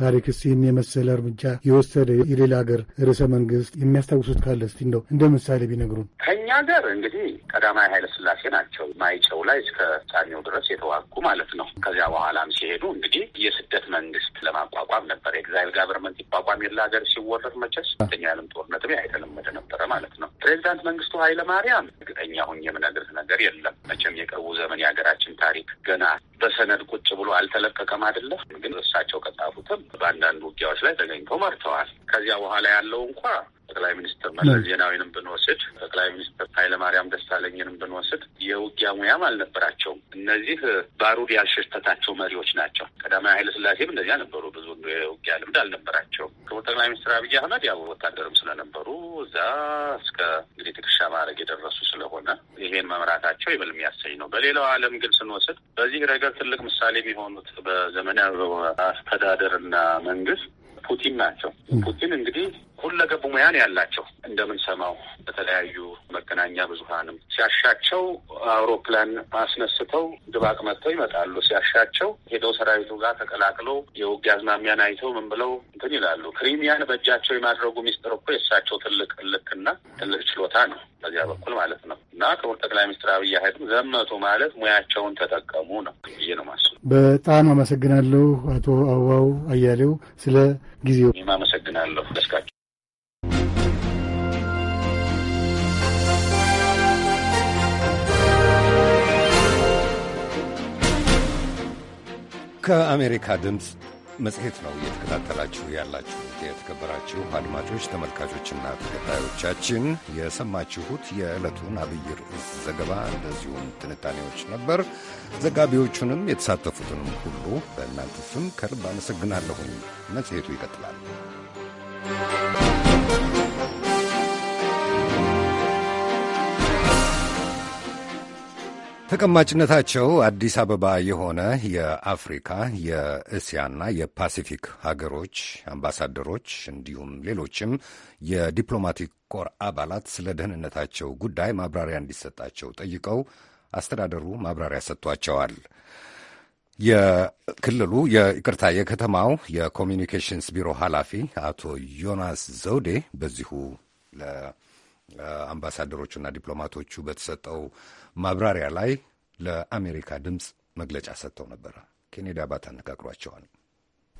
ታሪክስ ይህን የመሰለ እርምጃ የወሰደ የሌላ ሀገር ርዕሰ መንግስት የሚያስታውሱት ካለ እስቲ እንደው እንደ ምሳሌ ቢነግሩን። ከእኛ ሀገር እንግዲህ ቀዳማዊ ኃይለ ስላሴ ናቸው ማይጨው ላይ እስከ ጫኔው ድረስ የተዋጉ ማለት ነው። ከዚያ በኋላም ሲሄዱ እንግዲህ የስደት መንግስት ለማቋቋም ነበር። ኤግዛይል ጋቨርመንት ይቋቋም የለ ሀገር ሲወረድ መቼስ ሁለተኛ ዓለም ጦርነትም መኖሪያ የተለመደ ነበረ ማለት ነው። ፕሬዚዳንት መንግስቱ ኃይለማርያም እርግጠኛ ሁኝ የምነግርህ ነገር የለም። መቼም የቅርቡ ዘመን የሀገራችን ታሪክ ገና በሰነድ ቁጭ ብሎ አልተለቀቀም አይደለ? ግን እሳቸው ከጻፉትም በአንዳንድ ውጊያዎች ላይ ተገኝተው መርተዋል። ከዚያ በኋላ ያለው እንኳ ጠቅላይ ሚኒስትር መለስ ዜናዊንም ብንወስድ ጠቅላይ ሚኒስትር ኃይለማርያም ደሳለኝንም ብንወስድ የውጊያ ሙያም አልነበራቸውም። እነዚህ ባሩድ ያልሸተታቸው መሪዎች ናቸው። ቀዳማዊ ስላሴም እንደዚያ ነበሩ። ብዙ የውጊያ ልምድ አልነበራቸውም። ክቡር ጠቅላይ ሚኒስትር አብይ አህመድ ያው ወታደርም ስለነበሩ እዛ እስከ እንግዲህ ትከሻ ማድረግ የደረሱ ስለሆነ ይሄን መምራታቸው ይበል የሚያሰኝ ነው። በሌላው ዓለም ግን ስንወስድ በዚህ ረገድ ትልቅ ምሳሌ የሚሆኑት በዘመናዊ አስተዳደርና መንግስት ፑቲን ናቸው። ፑቲን እንግዲህ ሁለገቡ ሙያን ያላቸው እንደምንሰማው በተለያዩ መገናኛ ብዙሀንም ሲያሻቸው አውሮፕላን አስነስተው ድባቅ መጥተው ይመጣሉ። ሲያሻቸው ሄደው ሰራዊቱ ጋር ተቀላቅለው የውጊያ አዝማሚያን አይተው ምን ብለው እንትን ይላሉ። ክሪሚያን በእጃቸው የማድረጉ ሚስጥር እኮ የእሳቸው ትልቅ ልክና ትልቅ ችሎታ ነው፣ በዚያ በኩል ማለት ነው። እና ክቡር ጠቅላይ ሚኒስትር አብይ አህመድም ዘመቱ ማለት ሙያቸውን ተጠቀሙ ነው ብዬ ነው ማስበው። በጣም አመሰግናለሁ አቶ አዋው አያሌው ስለ ጊዜው። አመሰግናለሁ ደስካቸው ከአሜሪካ ድምፅ መጽሔት ነው እየተከታተላችሁ ያላችሁ የተከበራችሁ አድማጮች፣ ተመልካቾችና ተከታዮቻችን። የሰማችሁት የዕለቱን አብይ ርዕስ ዘገባ እንደዚሁም ትንታኔዎች ነበር። ዘጋቢዎቹንም የተሳተፉትንም ሁሉ በእናንተ ስም ከልብ አመሰግናለሁኝ። መጽሔቱ ይቀጥላል። ተቀማጭነታቸው አዲስ አበባ የሆነ የአፍሪካ የእስያና የፓሲፊክ ሀገሮች አምባሳደሮች እንዲሁም ሌሎችም የዲፕሎማቲክ ኮር አባላት ስለ ደህንነታቸው ጉዳይ ማብራሪያ እንዲሰጣቸው ጠይቀው አስተዳደሩ ማብራሪያ ሰጥቷቸዋል። የክልሉ የይቅርታ የከተማው የኮሚኒኬሽንስ ቢሮ ኃላፊ አቶ ዮናስ ዘውዴ በዚሁ አምባሳደሮቹና ዲፕሎማቶቹ በተሰጠው ማብራሪያ ላይ ለአሜሪካ ድምፅ መግለጫ ሰጥተው ነበረ። ኬኔዲ አባት አነጋግሯቸዋል።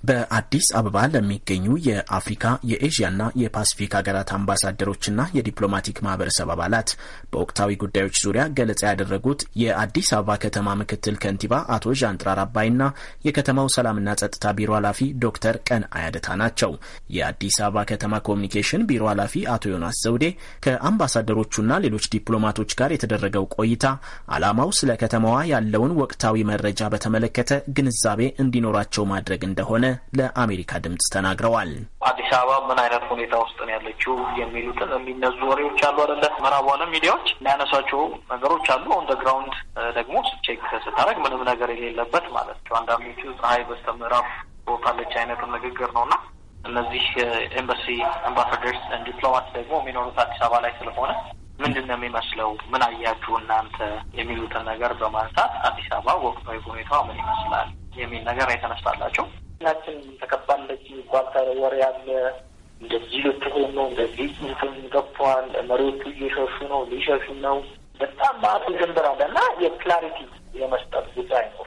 በአዲስ አበባ ለሚገኙ የአፍሪካ የኤዥያና የፓሲፊክ ሀገራት አምባሳደሮችና የዲፕሎማቲክ ማህበረሰብ አባላት በወቅታዊ ጉዳዮች ዙሪያ ገለጻ ያደረጉት የአዲስ አበባ ከተማ ምክትል ከንቲባ አቶ ዣንጥራር አባይና የከተማው ሰላምና ጸጥታ ቢሮ ኃላፊ ዶክተር ቀን አያደታ ናቸው። የአዲስ አበባ ከተማ ኮሚኒኬሽን ቢሮ ኃላፊ አቶ ዮናስ ዘውዴ ከአምባሳደሮቹና ሌሎች ዲፕሎማቶች ጋር የተደረገው ቆይታ ዓላማው ስለ ከተማዋ ያለውን ወቅታዊ መረጃ በተመለከተ ግንዛቤ እንዲኖራቸው ማድረግ እንደሆነ ለአሜሪካ ድምጽ ተናግረዋል። አዲስ አበባ ምን አይነት ሁኔታ ውስጥ ነው ያለችው የሚሉትን የሚነዙ ወሬዎች አሉ አደለ? ምዕራብ ዓለም ሚዲያዎች የሚያነሳቸው ነገሮች አሉ። ኦን ግራውንድ uh, ደግሞ ስቼክ ስታደርግ ምንም ነገር የሌለበት ማለት ነው። አንዳንዶቹ ፀሐይ በስተ ምዕራብ ቦታለች አይነት ንግግር ነው እና እነዚህ uh, ኤምባሲ አምባሳደርስ ዲፕሎማት ደግሞ የሚኖሩት አዲስ አበባ ላይ ስለሆነ ምንድን ነው የሚመስለው? ምን አያችሁ እናንተ የሚሉትን ነገር በማንሳት አዲስ አበባ ወቅታዊ ሁኔታ ምን ይመስላል የሚል ነገር የተነሳላቸው ናችን ተከባለች ኳተር ወር ያለ እንደዚህ ልትሆን ነው፣ እንደዚህ ጽንፍም ገብተዋል፣ መሪዎቹ እየሸሹ ነው፣ ሊሸሹ ነው። በጣም ማአቱ ድንበር አለ እና የክላሪቲ የመስጠት ጉዳይ ነው።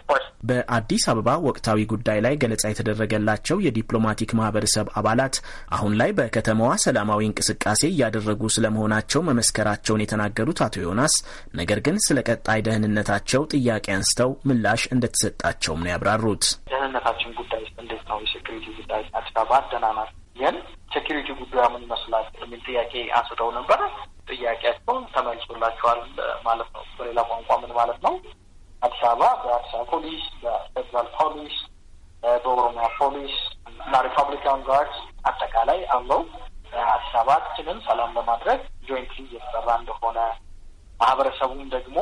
በአዲስ አበባ ወቅታዊ ጉዳይ ላይ ገለጻ የተደረገላቸው የዲፕሎማቲክ ማህበረሰብ አባላት አሁን ላይ በከተማዋ ሰላማዊ እንቅስቃሴ እያደረጉ ስለመሆናቸው መመስከራቸውን የተናገሩት አቶ ዮናስ ነገር ግን ስለ ቀጣይ ደህንነታቸው ጥያቄ አንስተው ምላሽ እንደተሰጣቸውም ነው ያብራሩት። ደህንነታችን ጉዳይ እንዴት ነው? የሴኩሪቲ ጉዳይ አዲስ አበባ አደናናት ግን ሴኩሪቲ ጉዳዩ ምን ይመስላል የሚል ጥያቄ አንስተው ነበር ጥያቄያቸውን ተመልሶላቸዋል ማለት ነው። በሌላ ቋንቋ ምን ማለት ነው አዲስ አበባ በአዲስ አበባ ፖሊስ፣ በፌደራል ፖሊስ፣ በኦሮሚያ ፖሊስ እና ሪፐብሊካን ጋርድ አጠቃላይ አለው። አዲስ አበባችንን ሰላም ለማድረግ ጆይንትሊ እየተሰራ እንደሆነ ማህበረሰቡም ደግሞ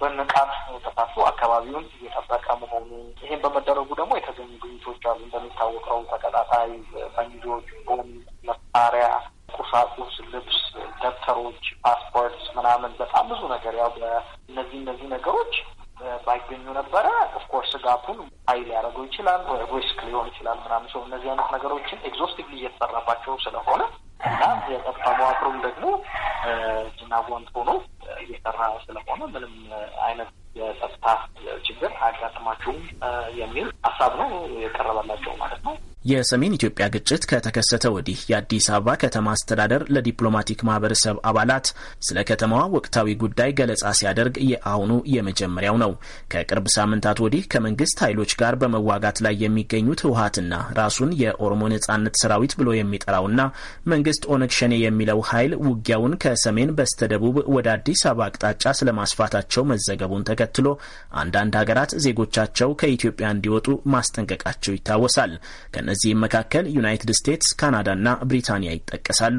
በንቃት ተሳትፎ አካባቢውን እየጠበቀ መሆኑ ይህን በመደረጉ ደግሞ የተገኙ ግኝቶች አሉ። እንደሚታወቀው ተቀጣጣይ ፈንጂዎች፣ ቦም፣ መሳሪያ፣ ቁሳቁስ፣ ልብስ፣ ደብተሮች፣ ፓስፖርት ምናምን በጣም ብዙ ነገር ያው በእነዚህ እነዚህ ነገሮች ባይገኙ ነበረ። ኦፍኮርስ ጋፑን ሀይ ሊያደርገው ይችላል፣ ሪስክ ሊሆን ይችላል ምናምን ሰው እነዚህ አይነት ነገሮችን ኤግዞስቲቭ እየተሰራባቸው ስለሆነ እና የጸጥታ መዋቅሩም ደግሞ እጅና ጓንት ሆኖ እየሰራ ስለሆነ ምንም አይነት የጸጥታ ችግር አያጋጥማችሁም የሚል ሀሳብ ነው የቀረበላቸው ማለት ነው። የሰሜን ኢትዮጵያ ግጭት ከተከሰተ ወዲህ የአዲስ አበባ ከተማ አስተዳደር ለዲፕሎማቲክ ማህበረሰብ አባላት ስለ ከተማዋ ወቅታዊ ጉዳይ ገለጻ ሲያደርግ የአሁኑ የመጀመሪያው ነው። ከቅርብ ሳምንታት ወዲህ ከመንግስት ኃይሎች ጋር በመዋጋት ላይ የሚገኙት ህወሀትና ራሱን የኦሮሞ ነጻነት ሰራዊት ብሎ የሚጠራውና መንግስት ኦነግ ሸኔ የሚለው ኃይል ውጊያውን ከሰሜን በስተደቡብ ወደ አዲስ አበባ አቅጣጫ ስለማስፋታቸው መዘገቡን ተከትሎ አንዳንድ ሀገራት ዜጎቻቸው ከኢትዮጵያ እንዲወጡ ማስጠንቀቃቸው ይታወሳል። ከእነዚህም መካከል ዩናይትድ ስቴትስ፣ ካናዳና ብሪታንያ ይጠቀሳሉ።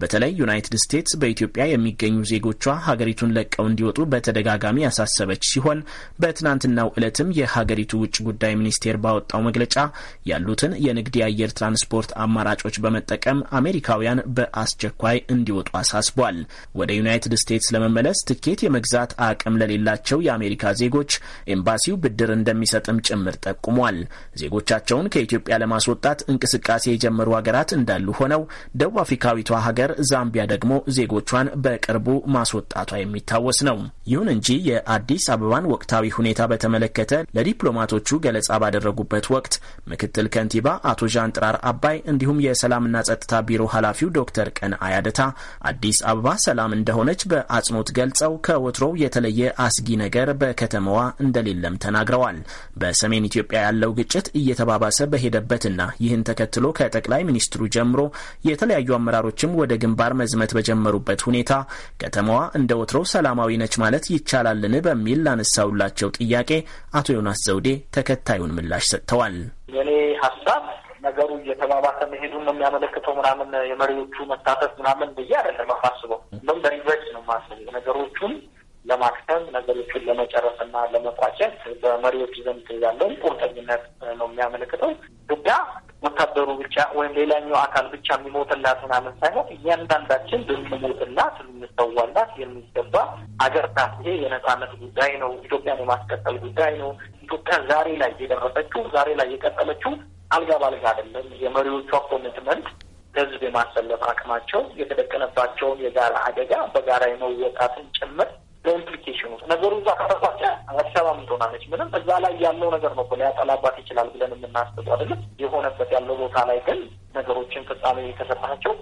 በተለይ ዩናይትድ ስቴትስ በኢትዮጵያ የሚገኙ ዜጎቿ ሀገሪቱን ለቀው እንዲወጡ በተደጋጋሚ ያሳሰበች ሲሆን በትናንትናው ዕለትም የሀገሪቱ ውጭ ጉዳይ ሚኒስቴር ባወጣው መግለጫ ያሉትን የንግድ የአየር ትራንስፖርት አማራጮች በመጠቀም አሜሪካውያን በአስቸኳይ እንዲወጡ አሳስቧል። ወደ ዩናይትድ ስቴትስ ለመመለስ ትኬት የመግዛት አቅም ለሌላቸው የአሜሪካ ዜጎች ኤምባሲው ብድር እንደሚሰጥም ጭምር ጠቁሟል። ዜጎቻቸውን ከኢትዮጵያ ለማስወ ወጣት እንቅስቃሴ የጀመሩ ሀገራት እንዳሉ ሆነው ደቡብ አፍሪካዊቷ ሀገር ዛምቢያ ደግሞ ዜጎቿን በቅርቡ ማስወጣቷ የሚታወስ ነው። ይሁን እንጂ የአዲስ አበባን ወቅታዊ ሁኔታ በተመለከተ ለዲፕሎማቶቹ ገለጻ ባደረጉበት ወቅት ምክትል ከንቲባ አቶ ዣን ጥራር አባይ እንዲሁም የሰላምና ጸጥታ ቢሮ ኃላፊው ዶክተር ቀን አያደታ አዲስ አበባ ሰላም እንደሆነች በአጽንኦት ገልጸው ከወትሮው የተለየ አስጊ ነገር በከተማዋ እንደሌለም ተናግረዋል። በሰሜን ኢትዮጵያ ያለው ግጭት እየተባባሰ በሄደበትና ይህን ተከትሎ ከጠቅላይ ሚኒስትሩ ጀምሮ የተለያዩ አመራሮችም ወደ ግንባር መዝመት በጀመሩበት ሁኔታ ከተማዋ እንደ ወትሮው ሰላማዊ ነች ማለት ይቻላልን በሚል ላነሳውላቸው ጥያቄ አቶ ዮናስ ዘውዴ ተከታዩን ምላሽ ሰጥተዋል። የኔ ሀሳብ ነገሩ እየተባባሰ መሄዱን የሚያመለክተው ምናምን የመሪዎቹ መታተፍ ምናምን ብዬ አይደለም አሳስበው፣ እንደውም በሪቨርስ ነው ማስበው ነገሮቹን ለማክተም ነገሮችን ለመጨረስና ለመቋጨት በመሪዎች ዘንድ ያለውን ቁርጠኝነት ነው የሚያመለክተው። ኢትዮጵያ ወታደሩ ብቻ ወይም ሌላኛው አካል ብቻ የሚሞትላት ምናምን ሳይሆን እያንዳንዳችን ልንሞትላት፣ ልንሰዋላት የሚገባ አገር ናት። ይሄ የነጻነት ጉዳይ ነው። ኢትዮጵያን የማስቀጠል ጉዳይ ነው። ኢትዮጵያ ዛሬ ላይ የደረሰችው ዛሬ ላይ የቀጠለችው አልጋ ባልጋ አይደለም። የመሪዎቿ ኮሚትመንት ህዝብ የማሰለፍ አቅማቸው የተደቀነባቸውን የጋራ አደጋ በጋራ የመወጣትን ጭምር ለኢምፕሊኬሽኑ ነገሩ እዛ ከተቋጨ አዲስ አበባ ምን ትሆናለች? ምንም እዛ ላይ ያለው ነገር ነው ሊያጠላባት ይችላል ብለን የምናስበው አይደለም። የሆነበት ያለው ቦታ ላይ ግን ነገሮችን ፍጻሜ የተሰጣቸው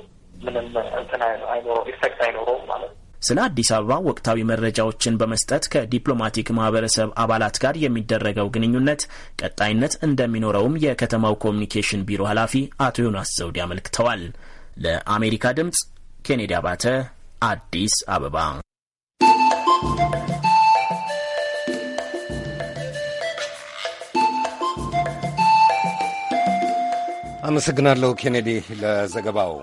ምንም እንትን አይኖረው ኢፌክት አይኖረውም ማለት ነው። ስለ አዲስ አበባ ወቅታዊ መረጃዎችን በመስጠት ከዲፕሎማቲክ ማህበረሰብ አባላት ጋር የሚደረገው ግንኙነት ቀጣይነት እንደሚኖረውም የከተማው ኮሚኒኬሽን ቢሮ ኃላፊ አቶ ዮናስ ዘውዴ አመልክተዋል። ለአሜሪካ ድምጽ ኬኔዲ አባተ አዲስ አበባ አመሰግናለሁ ኬኔዲ ለዘገባው።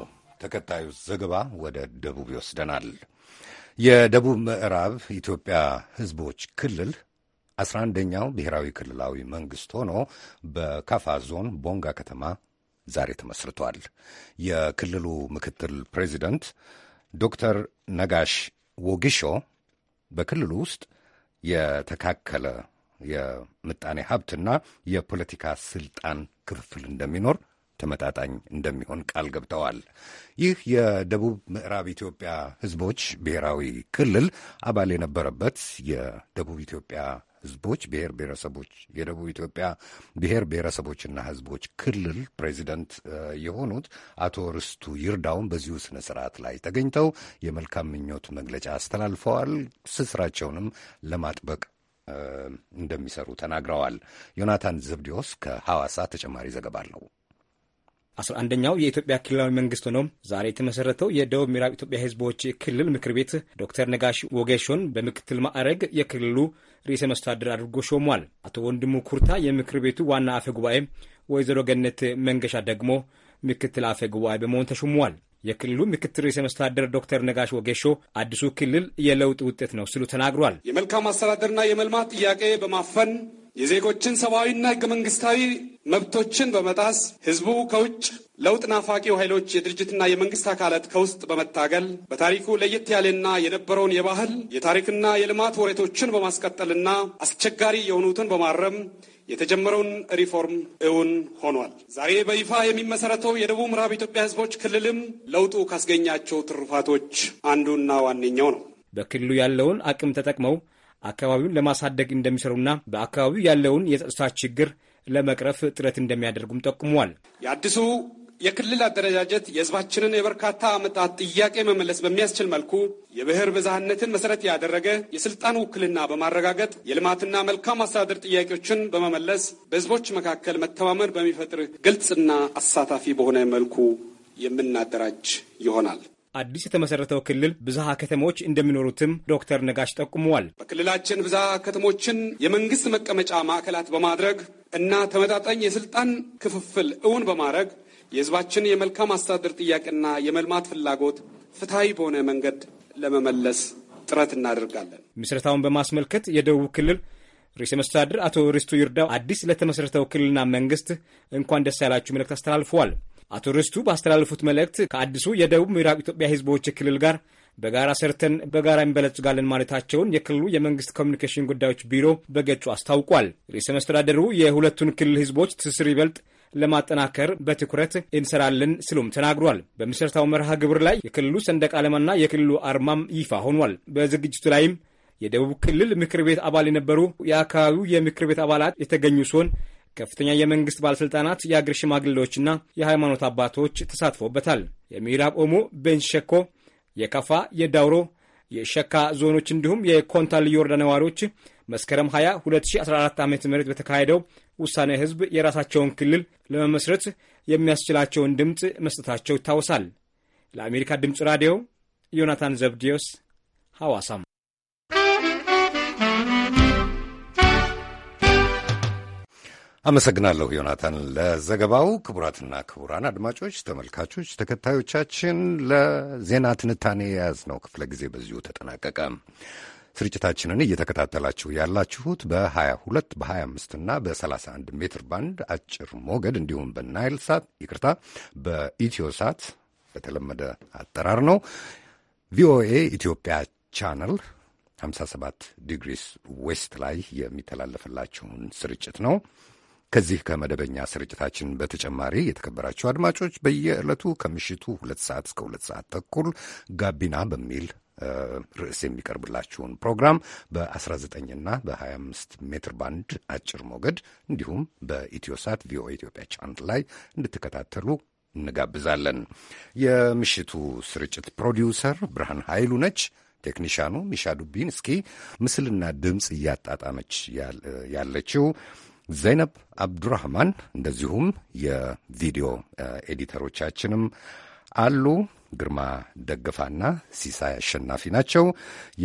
ተከታዩ ዘገባ ወደ ደቡብ ይወስደናል። የደቡብ ምዕራብ ኢትዮጵያ ሕዝቦች ክልል አስራ አንደኛው ብሔራዊ ክልላዊ መንግስት ሆኖ በካፋ ዞን ቦንጋ ከተማ ዛሬ ተመስርቷል። የክልሉ ምክትል ፕሬዚደንት ዶክተር ነጋሽ ወጊሾ በክልሉ ውስጥ የተካከለ የምጣኔ ሀብትና የፖለቲካ ስልጣን ክፍፍል እንደሚኖር ተመጣጣኝ እንደሚሆን ቃል ገብተዋል። ይህ የደቡብ ምዕራብ ኢትዮጵያ ሕዝቦች ብሔራዊ ክልል አባል የነበረበት የደቡብ ኢትዮጵያ ህዝቦች ብሔር ብሔረሰቦች የደቡብ ኢትዮጵያ ብሔር ብሔረሰቦችና ህዝቦች ክልል ፕሬዚደንት የሆኑት አቶ ርስቱ ይርዳውን በዚሁ ስነ ስርዓት ላይ ተገኝተው የመልካም ምኞት መግለጫ አስተላልፈዋል። ስስራቸውንም ለማጥበቅ እንደሚሰሩ ተናግረዋል። ዮናታን ዘብዲዎስ ከሐዋሳ ተጨማሪ ዘገባ አለው። አስራ አንደኛው የኢትዮጵያ ክልላዊ መንግስት ሆኖ ዛሬ የተመሰረተው የደቡብ ምዕራብ ኢትዮጵያ ህዝቦች ክልል ምክር ቤት ዶክተር ነጋሽ ወጌሾን በምክትል ማዕረግ የክልሉ ርዕሰ መስተዳድር አድርጎ ሾሟል። አቶ ወንድሙ ኩርታ የምክር ቤቱ ዋና አፈ ጉባኤ፣ ወይዘሮ ገነት መንገሻ ደግሞ ምክትል አፈ ጉባኤ በመሆን ተሾሟል። የክልሉ ምክትል ርዕሰ መስተዳደር ዶክተር ነጋሽ ወጌሾ አዲሱ ክልል የለውጥ ውጤት ነው ሲሉ ተናግሯል። የመልካም አስተዳደርና የመልማት ጥያቄ በማፈን የዜጎችን ሰብአዊና ህገ መንግስታዊ መብቶችን በመጣስ ህዝቡ ከውጭ ለውጥ ናፋቂው ኃይሎች የድርጅትና የመንግስት አካላት ከውስጥ በመታገል በታሪኩ ለየት ያለና የነበረውን የባህል የታሪክና የልማት ወሬቶችን በማስቀጠልና አስቸጋሪ የሆኑትን በማረም የተጀመረውን ሪፎርም እውን ሆኗል። ዛሬ በይፋ የሚመሰረተው የደቡብ ምዕራብ ኢትዮጵያ ህዝቦች ክልልም ለውጡ ካስገኛቸው ትሩፋቶች አንዱና ዋነኛው ነው። በክልሉ ያለውን አቅም ተጠቅመው አካባቢውን ለማሳደግ እንደሚሰሩና በአካባቢው ያለውን የጸጥታ ችግር ለመቅረፍ ጥረት እንደሚያደርጉም ጠቁመዋል። የአዲሱ የክልል አደረጃጀት የህዝባችንን የበርካታ ዓመታት ጥያቄ መመለስ በሚያስችል መልኩ የብሔር ብዝሃነትን መሰረት ያደረገ የስልጣን ውክልና በማረጋገጥ የልማትና መልካም አስተዳደር ጥያቄዎችን በመመለስ በህዝቦች መካከል መተማመን በሚፈጥር ግልጽና አሳታፊ በሆነ መልኩ የምናደራጅ ይሆናል። አዲስ የተመሰረተው ክልል ብዝሃ ከተሞች እንደሚኖሩትም ዶክተር ነጋሽ ጠቁመዋል። በክልላችን ብዝሃ ከተሞችን የመንግስት መቀመጫ ማዕከላት በማድረግ እና ተመጣጣኝ የስልጣን ክፍፍል እውን በማድረግ የህዝባችን የመልካም አስተዳደር ጥያቄና የመልማት ፍላጎት ፍትሐዊ በሆነ መንገድ ለመመለስ ጥረት እናደርጋለን። ምስረታውን በማስመልከት የደቡብ ክልል ርዕሰ መስተዳድር አቶ ርስቱ ይርዳው አዲስ ለተመሠረተው ክልልና መንግስት እንኳን ደስ ያላችሁ መልእክት አስተላልፈዋል። አቶ ርስቱ ባስተላለፉት መልእክት ከአዲሱ የደቡብ ምዕራብ ኢትዮጵያ ህዝቦች ክልል ጋር በጋራ ሰርተን በጋራ እንበለጽጋለን ማለታቸውን የክልሉ የመንግስት ኮሚኒኬሽን ጉዳዮች ቢሮ በገጹ አስታውቋል። ርዕሰ መስተዳደሩ የሁለቱን ክልል ህዝቦች ትስስር ይበልጥ ለማጠናከር በትኩረት እንሰራለን ስሉም ተናግሯል። በምስረታው መርሃ ግብር ላይ የክልሉ ሰንደቅ ዓላማና የክልሉ አርማም ይፋ ሆኗል። በዝግጅቱ ላይም የደቡብ ክልል ምክር ቤት አባል የነበሩ የአካባቢው የምክር ቤት አባላት የተገኙ ሲሆን ከፍተኛ የመንግስት ባለሥልጣናት፣ የአገር ሽማግሌዎችና የሃይማኖት አባቶች ተሳትፎበታል። የምዕራብ ኦሞ ቤንች ሸኮ፣ የካፋ፣ የዳውሮ፣ የሸካ ዞኖች እንዲሁም የኮንታ ልዩ ወረዳ ነዋሪዎች መስከረም 20 2014 ዓ ም በተካሄደው ውሳኔ ህዝብ የራሳቸውን ክልል ለመመስረት የሚያስችላቸውን ድምፅ መስጠታቸው ይታወሳል። ለአሜሪካ ድምፅ ራዲዮ ዮናታን ዘብዲዮስ ሐዋሳም አመሰግናለሁ ዮናታን ለዘገባው። ክቡራትና ክቡራን አድማጮች፣ ተመልካቾች፣ ተከታዮቻችን ለዜና ትንታኔ የያዝነው ክፍለ ጊዜ በዚሁ ተጠናቀቀ። ስርጭታችንን እየተከታተላችሁ ያላችሁት በ22 በ25 እና በ31 ሜትር ባንድ አጭር ሞገድ እንዲሁም በናይል ሳት ይቅርታ፣ በኢትዮ ሳት በተለመደ አጠራር ነው። ቪኦኤ ኢትዮጵያ ቻናል 57 ዲግሪስ ዌስት ላይ የሚተላለፍላችሁን ስርጭት ነው። ከዚህ ከመደበኛ ስርጭታችን በተጨማሪ የተከበራችሁ አድማጮች በየዕለቱ ከምሽቱ ሁለት ሰዓት እስከ ሁለት ሰዓት ተኩል ጋቢና በሚል ርዕስ የሚቀርብላችሁን ፕሮግራም በ19 እና በ25 ሜትር ባንድ አጭር ሞገድ እንዲሁም በኢትዮሳት ቪኦኤ ኢትዮጵያ ቻናል ላይ እንድትከታተሉ እንጋብዛለን። የምሽቱ ስርጭት ፕሮዲውሰር ብርሃን ኃይሉ ነች። ቴክኒሻኑ ሚሻ ዱቢን እስኪ ምስልና ድምፅ እያጣጣመች ያለችው ዘይነብ አብዱራህማን፣ እንደዚሁም የቪዲዮ ኤዲተሮቻችንም አሉ። ግርማ ደገፋና ሲሳይ አሸናፊ ናቸው።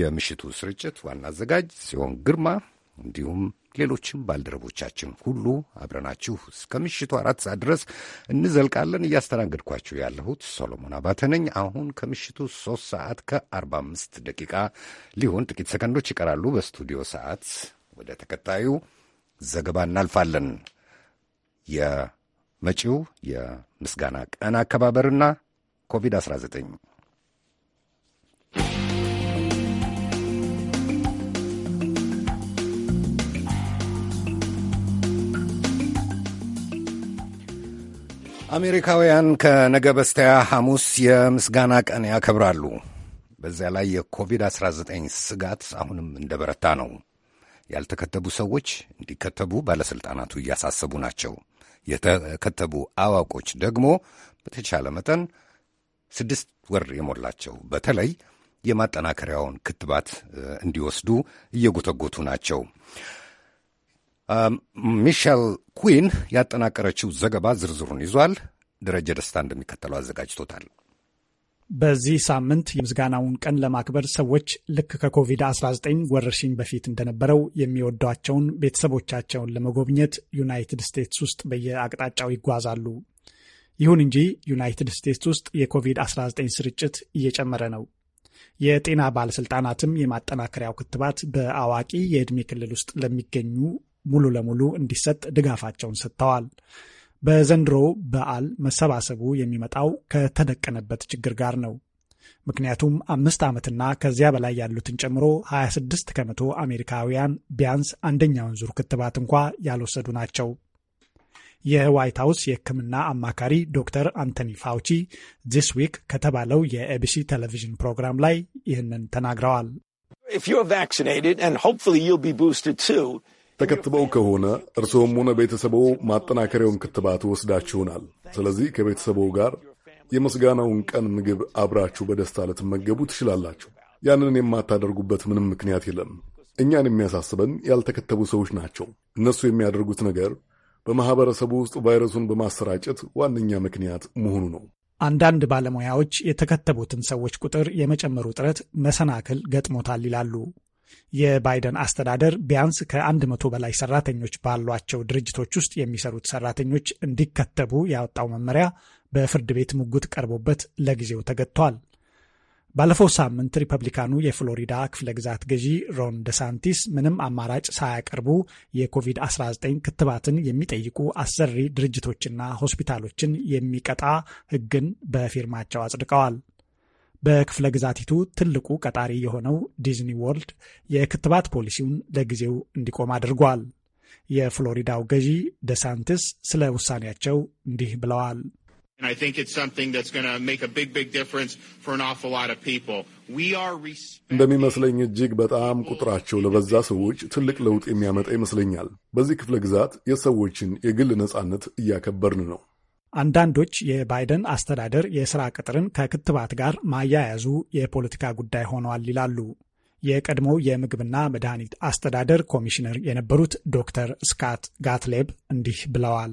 የምሽቱ ስርጭት ዋና አዘጋጅ ሲሆን ግርማ እንዲሁም ሌሎችም ባልደረቦቻችን ሁሉ አብረናችሁ እስከ ምሽቱ አራት ሰዓት ድረስ እንዘልቃለን። እያስተናገድኳችሁ ያለሁት ሶሎሞን አባተ ነኝ። አሁን ከምሽቱ ሶስት ሰዓት ከአርባ አምስት ደቂቃ ሊሆን ጥቂት ሰከንዶች ይቀራሉ። በስቱዲዮ ሰዓት ወደ ተከታዩ ዘገባ እናልፋለን። የመጪው የምስጋና ቀን አከባበርና ኮቪድ-19 አሜሪካውያን ከነገ በስቲያ ሐሙስ የምስጋና ቀን ያከብራሉ። በዚያ ላይ የኮቪድ-19 ስጋት አሁንም እንደበረታ ነው። ያልተከተቡ ሰዎች እንዲከተቡ ባለሥልጣናቱ እያሳሰቡ ናቸው። የተከተቡ አዋቆች ደግሞ በተቻለ መጠን ስድስት ወር የሞላቸው በተለይ የማጠናከሪያውን ክትባት እንዲወስዱ እየጎተጎቱ ናቸው። ሚሸል ኩዊን ያጠናቀረችው ዘገባ ዝርዝሩን ይዟል። ደረጀ ደስታ እንደሚከተለው አዘጋጅቶታል። በዚህ ሳምንት የምስጋናውን ቀን ለማክበር ሰዎች ልክ ከኮቪድ-19 ወረርሽኝ በፊት እንደነበረው የሚወዷቸውን ቤተሰቦቻቸውን ለመጎብኘት ዩናይትድ ስቴትስ ውስጥ በየአቅጣጫው ይጓዛሉ። ይሁን እንጂ ዩናይትድ ስቴትስ ውስጥ የኮቪድ-19 ስርጭት እየጨመረ ነው። የጤና ባለሥልጣናትም የማጠናከሪያው ክትባት በአዋቂ የዕድሜ ክልል ውስጥ ለሚገኙ ሙሉ ለሙሉ እንዲሰጥ ድጋፋቸውን ሰጥተዋል። በዘንድሮ በዓል መሰባሰቡ የሚመጣው ከተደቀነበት ችግር ጋር ነው። ምክንያቱም አምስት ዓመትና ከዚያ በላይ ያሉትን ጨምሮ 26 ከመቶ አሜሪካውያን ቢያንስ አንደኛውን ዙር ክትባት እንኳ ያልወሰዱ ናቸው። የዋይት ሀውስ የሕክምና አማካሪ ዶክተር አንቶኒ ፋውቺ ዚስ ዊክ ከተባለው የኤቢሲ ቴሌቪዥን ፕሮግራም ላይ ይህንን ተናግረዋል። ተከትበው ከሆነ እርስዎም ሆነ ቤተሰቦ ማጠናከሪያውን ክትባት ወስዳችሁናል። ስለዚህ ከቤተሰበው ጋር የምስጋናውን ቀን ምግብ አብራችሁ በደስታ ልትመገቡ ትችላላችሁ። ያንን የማታደርጉበት ምንም ምክንያት የለም። እኛን የሚያሳስበን ያልተከተቡ ሰዎች ናቸው። እነሱ የሚያደርጉት ነገር በማህበረሰቡ ውስጥ ቫይረሱን በማሰራጨት ዋነኛ ምክንያት መሆኑ ነው። አንዳንድ ባለሙያዎች የተከተቡትን ሰዎች ቁጥር የመጨመሩ ጥረት መሰናክል ገጥሞታል ይላሉ። የባይደን አስተዳደር ቢያንስ ከ100 በላይ ሰራተኞች ባሏቸው ድርጅቶች ውስጥ የሚሰሩት ሰራተኞች እንዲከተቡ ያወጣው መመሪያ በፍርድ ቤት ሙግት ቀርቦበት ለጊዜው ተገጥቷል። ባለፈው ሳምንት ሪፐብሊካኑ የፍሎሪዳ ክፍለ ግዛት ገዢ ሮን ደሳንቲስ ምንም አማራጭ ሳያቀርቡ የኮቪድ-19 ክትባትን የሚጠይቁ አሰሪ ድርጅቶችና ሆስፒታሎችን የሚቀጣ ሕግን በፊርማቸው አጽድቀዋል። በክፍለ ግዛቲቱ ትልቁ ቀጣሪ የሆነው ዲዝኒ ወርልድ የክትባት ፖሊሲውን ለጊዜው እንዲቆም አድርጓል። የፍሎሪዳው ገዢ ደሳንቲስ ስለ ውሳኔያቸው እንዲህ ብለዋል። እንደሚመስለኝ እጅግ በጣም ቁጥራቸው ለበዛ ሰዎች ትልቅ ለውጥ የሚያመጣ ይመስለኛል። በዚህ ክፍለ ግዛት የሰዎችን የግል ነጻነት እያከበርን ነው። አንዳንዶች የባይደን አስተዳደር የሥራ ቅጥርን ከክትባት ጋር ማያያዙ የፖለቲካ ጉዳይ ሆኗል ይላሉ። የቀድሞው የምግብና መድኃኒት አስተዳደር ኮሚሽነር የነበሩት ዶክተር ስካት ጋትሌብ እንዲህ ብለዋል።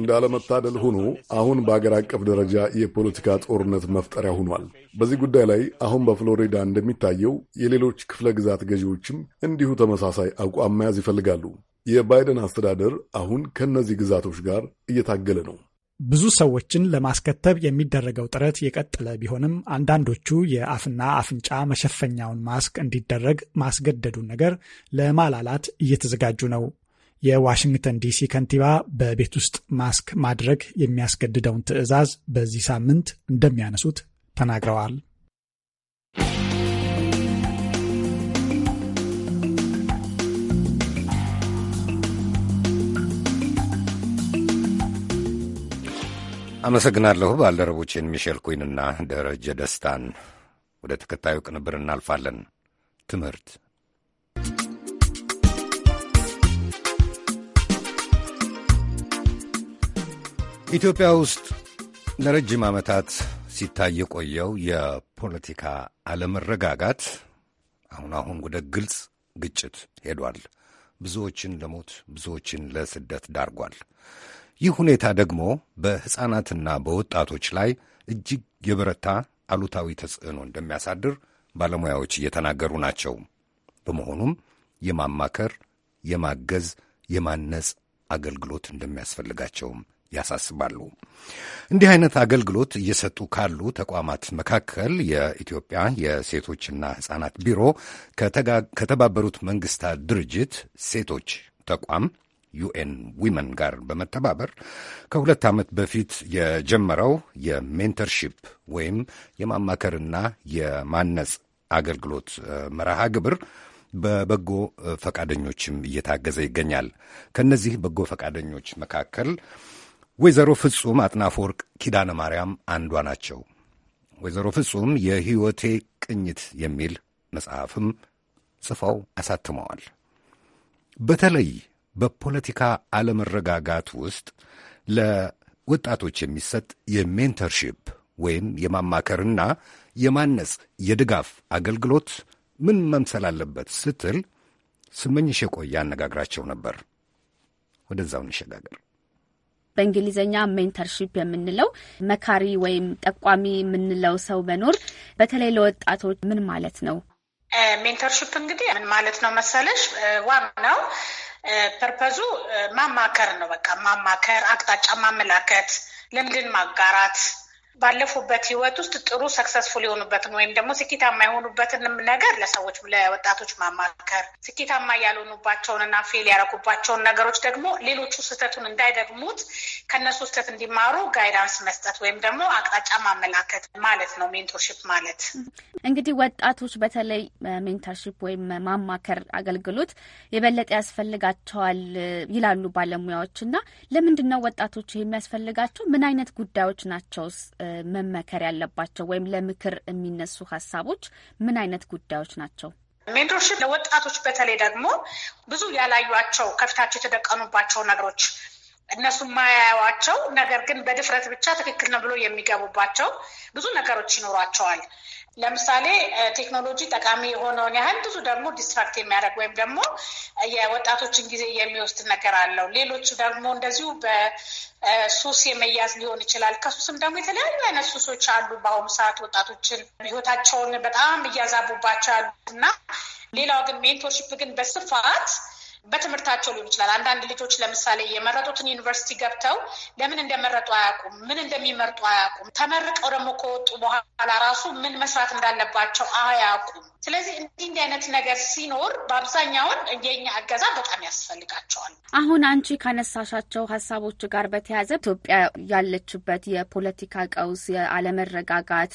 እንዳለመታደል ሆኖ አሁን በአገር አቀፍ ደረጃ የፖለቲካ ጦርነት መፍጠሪያ ሆኗል። በዚህ ጉዳይ ላይ አሁን በፍሎሪዳ እንደሚታየው የሌሎች ክፍለ ግዛት ገዢዎችም እንዲሁ ተመሳሳይ አቋም መያዝ ይፈልጋሉ። የባይደን አስተዳደር አሁን ከእነዚህ ግዛቶች ጋር እየታገለ ነው። ብዙ ሰዎችን ለማስከተብ የሚደረገው ጥረት የቀጠለ ቢሆንም አንዳንዶቹ የአፍና አፍንጫ መሸፈኛውን ማስክ እንዲደረግ ማስገደዱን ነገር ለማላላት እየተዘጋጁ ነው። የዋሽንግተን ዲሲ ከንቲባ በቤት ውስጥ ማስክ ማድረግ የሚያስገድደውን ትዕዛዝ በዚህ ሳምንት እንደሚያነሱት ተናግረዋል። አመሰግናለሁ ባልደረቦቼን ሚሼል ኩንና ደረጀ ደስታን። ወደ ተከታዩ ቅንብር እናልፋለን። ትምህርት ኢትዮጵያ ውስጥ ለረጅም ዓመታት ሲታይ የቆየው የፖለቲካ አለመረጋጋት አሁን አሁን ወደ ግልጽ ግጭት ሄዷል። ብዙዎችን ለሞት ብዙዎችን ለስደት ዳርጓል። ይህ ሁኔታ ደግሞ በሕፃናትና በወጣቶች ላይ እጅግ የበረታ አሉታዊ ተጽዕኖ እንደሚያሳድር ባለሙያዎች እየተናገሩ ናቸው። በመሆኑም የማማከር፣ የማገዝ፣ የማነጽ አገልግሎት እንደሚያስፈልጋቸውም ያሳስባሉ። እንዲህ አይነት አገልግሎት እየሰጡ ካሉ ተቋማት መካከል የኢትዮጵያ የሴቶችና ሕፃናት ቢሮ ከተባበሩት መንግስታት ድርጅት ሴቶች ተቋም ዩኤን ዊመን ጋር በመተባበር ከሁለት ዓመት በፊት የጀመረው የሜንተርሺፕ ወይም የማማከርና የማነጽ አገልግሎት መርሃ ግብር በበጎ ፈቃደኞችም እየታገዘ ይገኛል። ከእነዚህ በጎ ፈቃደኞች መካከል ወይዘሮ ፍጹም አጥናፈ ወርቅ ኪዳነ ማርያም አንዷ ናቸው። ወይዘሮ ፍጹም የሕይወቴ ቅኝት የሚል መጽሐፍም ጽፈው አሳትመዋል። በተለይ በፖለቲካ አለመረጋጋት ውስጥ ለወጣቶች የሚሰጥ የሜንተርሺፕ ወይም የማማከርና የማነጽ የድጋፍ አገልግሎት ምን መምሰል አለበት ስትል ስመኝሽ የቆየ አነጋግራቸው ነበር። ወደዛው እንሸጋገር። በእንግሊዝኛ ሜንተርሺፕ የምንለው መካሪ ወይም ጠቋሚ የምንለው ሰው መኖር በተለይ ለወጣቶች ምን ማለት ነው? ሜንተርሺፕ እንግዲህ ምን ማለት ነው መሰለሽ ዋናው ፐርፐዙ ማማከር ነው። በቃ ማማከር፣ አቅጣጫ ማመላከት፣ ልምድን ማጋራት ባለፉበት ህይወት ውስጥ ጥሩ ሰክሰስፉል የሆኑበትን ወይም ደግሞ ስኬታማ የሆኑበትንም ነገር ለሰዎች ለወጣቶች ማማከር ስኬታማ ያልሆኑባቸውንና ፌል ያደረጉባቸውን ነገሮች ደግሞ ሌሎቹ ስህተቱን እንዳይደግሙት ከነሱ ስህተት እንዲማሩ ጋይዳንስ መስጠት ወይም ደግሞ አቅጣጫ ማመላከት ማለት ነው ሜንቶርሽፕ ማለት። እንግዲህ ወጣቶች በተለይ ሜንተርሽፕ ወይም ማማከር አገልግሎት የበለጠ ያስፈልጋቸዋል ይላሉ ባለሙያዎች። እና ለምንድን ነው ወጣቶች የሚያስፈልጋቸው? ምን አይነት ጉዳዮች ናቸውስ መመከር ያለባቸው ወይም ለምክር የሚነሱ ሀሳቦች ምን አይነት ጉዳዮች ናቸው? ሜንቶርሽፕ ለወጣቶች በተለይ ደግሞ ብዙ ያላዩቸው ከፊታቸው የተደቀኑባቸው ነገሮች እነሱ የማያያዋቸው ነገር ግን በድፍረት ብቻ ትክክል ነው ብሎ የሚገቡባቸው ብዙ ነገሮች ይኖሯቸዋል። ለምሳሌ ቴክኖሎጂ ጠቃሚ የሆነውን ያህል ብዙ ደግሞ ዲስትራክት የሚያደርግ ወይም ደግሞ የወጣቶችን ጊዜ የሚወስድ ነገር አለው። ሌሎች ደግሞ እንደዚሁ በሱስ የመያዝ ሊሆን ይችላል። ከሱስም ደግሞ የተለያዩ አይነት ሱሶች አሉ። በአሁኑ ሰዓት ወጣቶችን ህይወታቸውን በጣም እያዛቡባቸው ያሉት እና ሌላው ግን ሜንቶርሺፕ ግን በስፋት በትምህርታቸው ሊሆን ይችላል። አንዳንድ ልጆች ለምሳሌ የመረጡትን ዩኒቨርሲቲ ገብተው ለምን እንደመረጡ አያውቁም፣ ምን እንደሚመርጡ አያውቁም። ተመርቀው ደግሞ ከወጡ በኋላ ራሱ ምን መስራት እንዳለባቸው አያውቁም። ስለዚህ እንዲህ እንዲህ አይነት ነገር ሲኖር በአብዛኛውን የኛ እገዛ በጣም ያስፈልጋቸዋል። አሁን አንቺ ካነሳሻቸው ሀሳቦች ጋር በተያያዘ ኢትዮጵያ ያለችበት የፖለቲካ ቀውስ፣ የአለመረጋጋት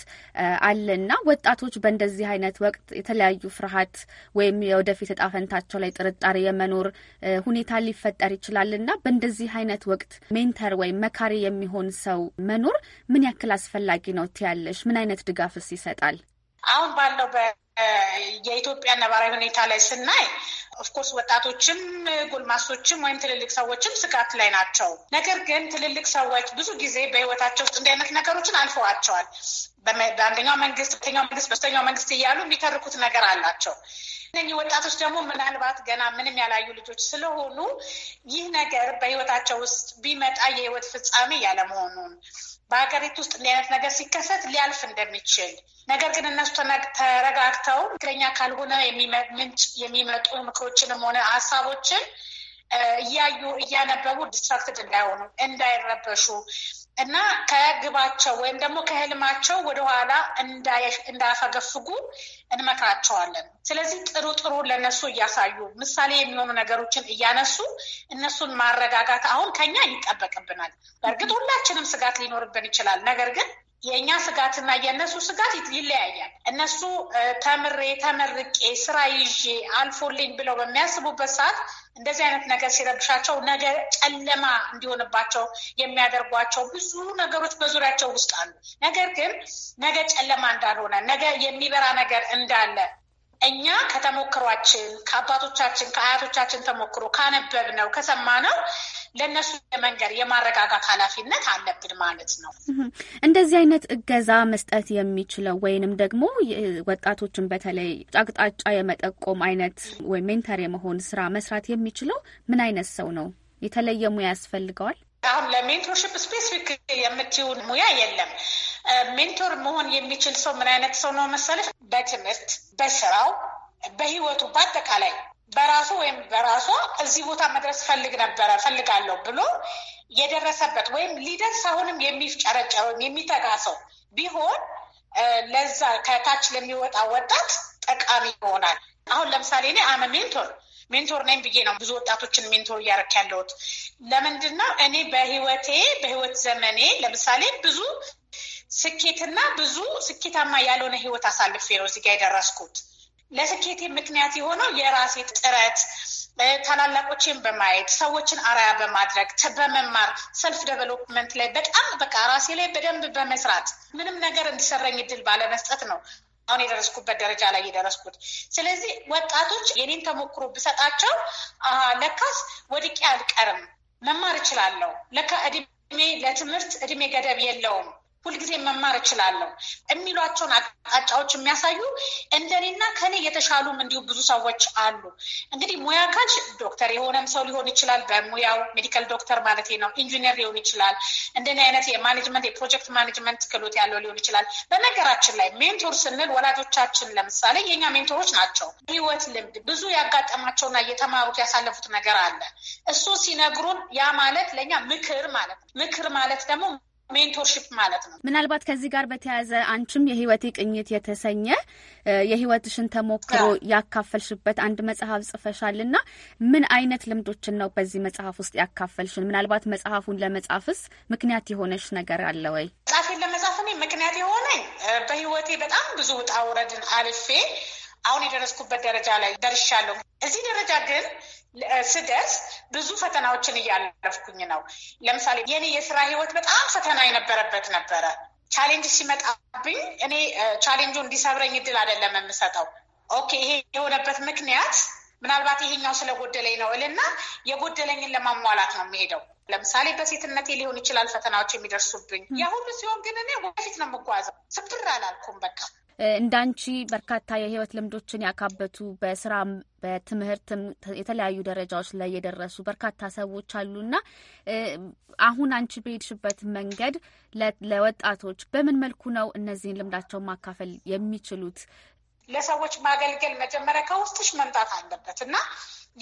አለና ወጣቶች በእንደዚህ አይነት ወቅት የተለያዩ ፍርሃት ወይም የወደፊት እጣ ፈንታቸው ላይ ጥርጣሬ የመኖር የመኖር ሁኔታ ሊፈጠር ይችላል እና በእንደዚህ አይነት ወቅት ሜንተር ወይም መካሪ የሚሆን ሰው መኖር ምን ያክል አስፈላጊ ነው ትያለሽ? ምን አይነት ድጋፍስ ይሰጣል? አሁን ባለው የኢትዮጵያ ነባራዊ ሁኔታ ላይ ስናይ ኦፍኮርስ ወጣቶችም ጎልማሶችም ወይም ትልልቅ ሰዎችም ስጋት ላይ ናቸው። ነገር ግን ትልልቅ ሰዎች ብዙ ጊዜ በህይወታቸው ውስጥ እንዲህ አይነት ነገሮችን አልፈዋቸዋል። በአንደኛው መንግስት፣ ሁለተኛው መንግስት፣ በሶስተኛው መንግስት እያሉ የሚተርኩት ነገር አላቸው። እነኚህ ወጣቶች ደግሞ ምናልባት ገና ምንም ያላዩ ልጆች ስለሆኑ ይህ ነገር በህይወታቸው ውስጥ ቢመጣ የህይወት ፍጻሜ ያለመሆኑን በሀገሪቱ ውስጥ እንዲህ አይነት ነገር ሲከሰት ሊያልፍ እንደሚችል ነገር ግን እነሱ ተረጋግተው ትክክለኛ ካልሆነ ምንጭ የሚመጡ ምክሮችንም ሆነ ሀሳቦችን እያዩ እያነበቡ ዲስትራክትድ እንዳይሆኑ፣ እንዳይረበሹ እና ከግባቸው ወይም ደግሞ ከህልማቸው ወደኋላ እንዳያፈገፍጉ እንመክራቸዋለን። ስለዚህ ጥሩ ጥሩ ለነሱ እያሳዩ ምሳሌ የሚሆኑ ነገሮችን እያነሱ እነሱን ማረጋጋት አሁን ከኛ ይጠበቅብናል። በእርግጥ ሁላችንም ስጋት ሊኖርብን ይችላል። ነገር ግን የእኛ ስጋትና የእነሱ ስጋት ይለያያል። እነሱ ተምሬ ተመርቄ ስራ ይዤ አልፎልኝ ብለው በሚያስቡበት ሰዓት እንደዚህ አይነት ነገር ሲረብሻቸው ነገ ጨለማ እንዲሆንባቸው የሚያደርጓቸው ብዙ ነገሮች በዙሪያቸው ውስጥ አሉ። ነገር ግን ነገ ጨለማ እንዳልሆነ ነገ የሚበራ ነገር እንዳለ እኛ ከተሞክሯችን ከአባቶቻችን ከአያቶቻችን ተሞክሮ ካነበብነው ከሰማነው ለእነሱ የመንገድ የማረጋጋት ኃላፊነት አለብን ማለት ነው። እንደዚህ አይነት እገዛ መስጠት የሚችለው ወይንም ደግሞ ወጣቶችን በተለይ አቅጣጫ የመጠቆም አይነት ወይ ሜንተር የመሆን ስራ መስራት የሚችለው ምን አይነት ሰው ነው? የተለየ ሙያ ያስፈልገዋል? አሁን ለሜንቶርሽፕ ስፔሲፊክ የምትይውን ሙያ የለም። ሜንቶር መሆን የሚችል ሰው ምን አይነት ሰው ነው መሰለሽ? በትምህርት፣ በስራው፣ በህይወቱ በአጠቃላይ በራሱ ወይም በራሷ እዚህ ቦታ መድረስ ፈልግ ነበረ ፈልጋለሁ ብሎ የደረሰበት ወይም ሊደርስ አሁንም የሚጨረጨር ወይም የሚተጋ ሰው ቢሆን ለዛ ከታች ለሚወጣ ወጣት ጠቃሚ ይሆናል። አሁን ለምሳሌ እኔ አመ ሜንቶር ሜንቶር ነኝ ብዬ ነው ብዙ ወጣቶችን ሜንቶር እያደረክ ያለሁት። ለምንድን ነው እኔ በህይወቴ በህይወት ዘመኔ ለምሳሌ ብዙ ስኬትና ብዙ ስኬታማ ያልሆነ ህይወት አሳልፌ ነው እዚጋ የደረስኩት። ለስኬቴ ምክንያት የሆነው የራሴ ጥረት፣ ታላላቆችን በማየት ሰዎችን አራያ በማድረግ በመማር ሰልፍ ደቨሎፕመንት ላይ በጣም በቃ ራሴ ላይ በደንብ በመስራት ምንም ነገር እንዲሰረኝ እድል ባለመስጠት ነው አሁን የደረስኩበት ደረጃ ላይ የደረስኩት። ስለዚህ ወጣቶች የኔን ተሞክሮ ብሰጣቸው ለካስ ወድቄ አልቀርም፣ መማር እችላለሁ፣ ለካ እድሜ ለትምህርት እድሜ ገደብ የለውም ሁልጊዜ መማር እችላለሁ የሚሏቸውን አቅጣጫዎች የሚያሳዩ እንደኔና ከኔ የተሻሉም እንዲሁ ብዙ ሰዎች አሉ። እንግዲህ ሙያ ካች ዶክተር የሆነም ሰው ሊሆን ይችላል። በሙያው ሜዲካል ዶክተር ማለት ነው። ኢንጂነር ሊሆን ይችላል። እንደኔ አይነት የማኔጅመንት የፕሮጀክት ማኔጅመንት ክህሎት ያለው ሊሆን ይችላል። በነገራችን ላይ ሜንቶር ስንል ወላጆቻችን ለምሳሌ የኛ ሜንቶሮች ናቸው። ህይወት ልምድ ብዙ ያጋጠማቸውና የተማሩት ያሳለፉት ነገር አለ። እሱ ሲነግሩን ያ ማለት ለእኛ ምክር ማለት ነው። ምክር ማለት ደግሞ ሜንቶርሽፕ ማለት ነው። ምናልባት ከዚህ ጋር በተያያዘ አንቺም የህይወቴ ቅኝት የተሰኘ የህይወትሽን ተሞክሮ ያካፈልሽበት አንድ መጽሐፍ ጽፈሻል እና ምን አይነት ልምዶችን ነው በዚህ መጽሐፍ ውስጥ ያካፈልሽን? ምናልባት መጽሐፉን ለመጻፍስ ምክንያት የሆነሽ ነገር አለ ወይ? መጽሐፌን ለመጻፍ እኔ ምክንያት የሆነኝ በህይወቴ በጣም ብዙ ውጣ ውረድን አልፌ አሁን የደረስኩበት ደረጃ ላይ ደርሻለሁ። እዚህ ደረጃ ግን ስደርስ ብዙ ፈተናዎችን እያለፍኩኝ ነው። ለምሳሌ የኔ የስራ ህይወት በጣም ፈተና የነበረበት ነበረ። ቻሌንጅ ሲመጣብኝ እኔ ቻሌንጁ እንዲሰብረኝ እድል አይደለም የምሰጠው። ኦኬ ይሄ የሆነበት ምክንያት ምናልባት ይሄኛው ስለጎደለኝ ነው እልና የጎደለኝን ለማሟላት ነው የሚሄደው። ለምሳሌ በሴትነቴ ሊሆን ይችላል ፈተናዎች የሚደርሱብኝ። ያሁሉ ሲሆን ግን እኔ ወደፊት ነው የምጓዘው። ስብር አላልኩም። በቃ እንዳንቺ በርካታ የህይወት ልምዶችን ያካበቱ በስራ በትምህርትም የተለያዩ ደረጃዎች ላይ የደረሱ በርካታ ሰዎች አሉና አሁን አንቺ በሄድሽበት መንገድ ለወጣቶች በምን መልኩ ነው እነዚህን ልምዳቸውን ማካፈል የሚችሉት? ለሰዎች ማገልገል መጀመሪያ ከውስጥሽ መምጣት አለበት እና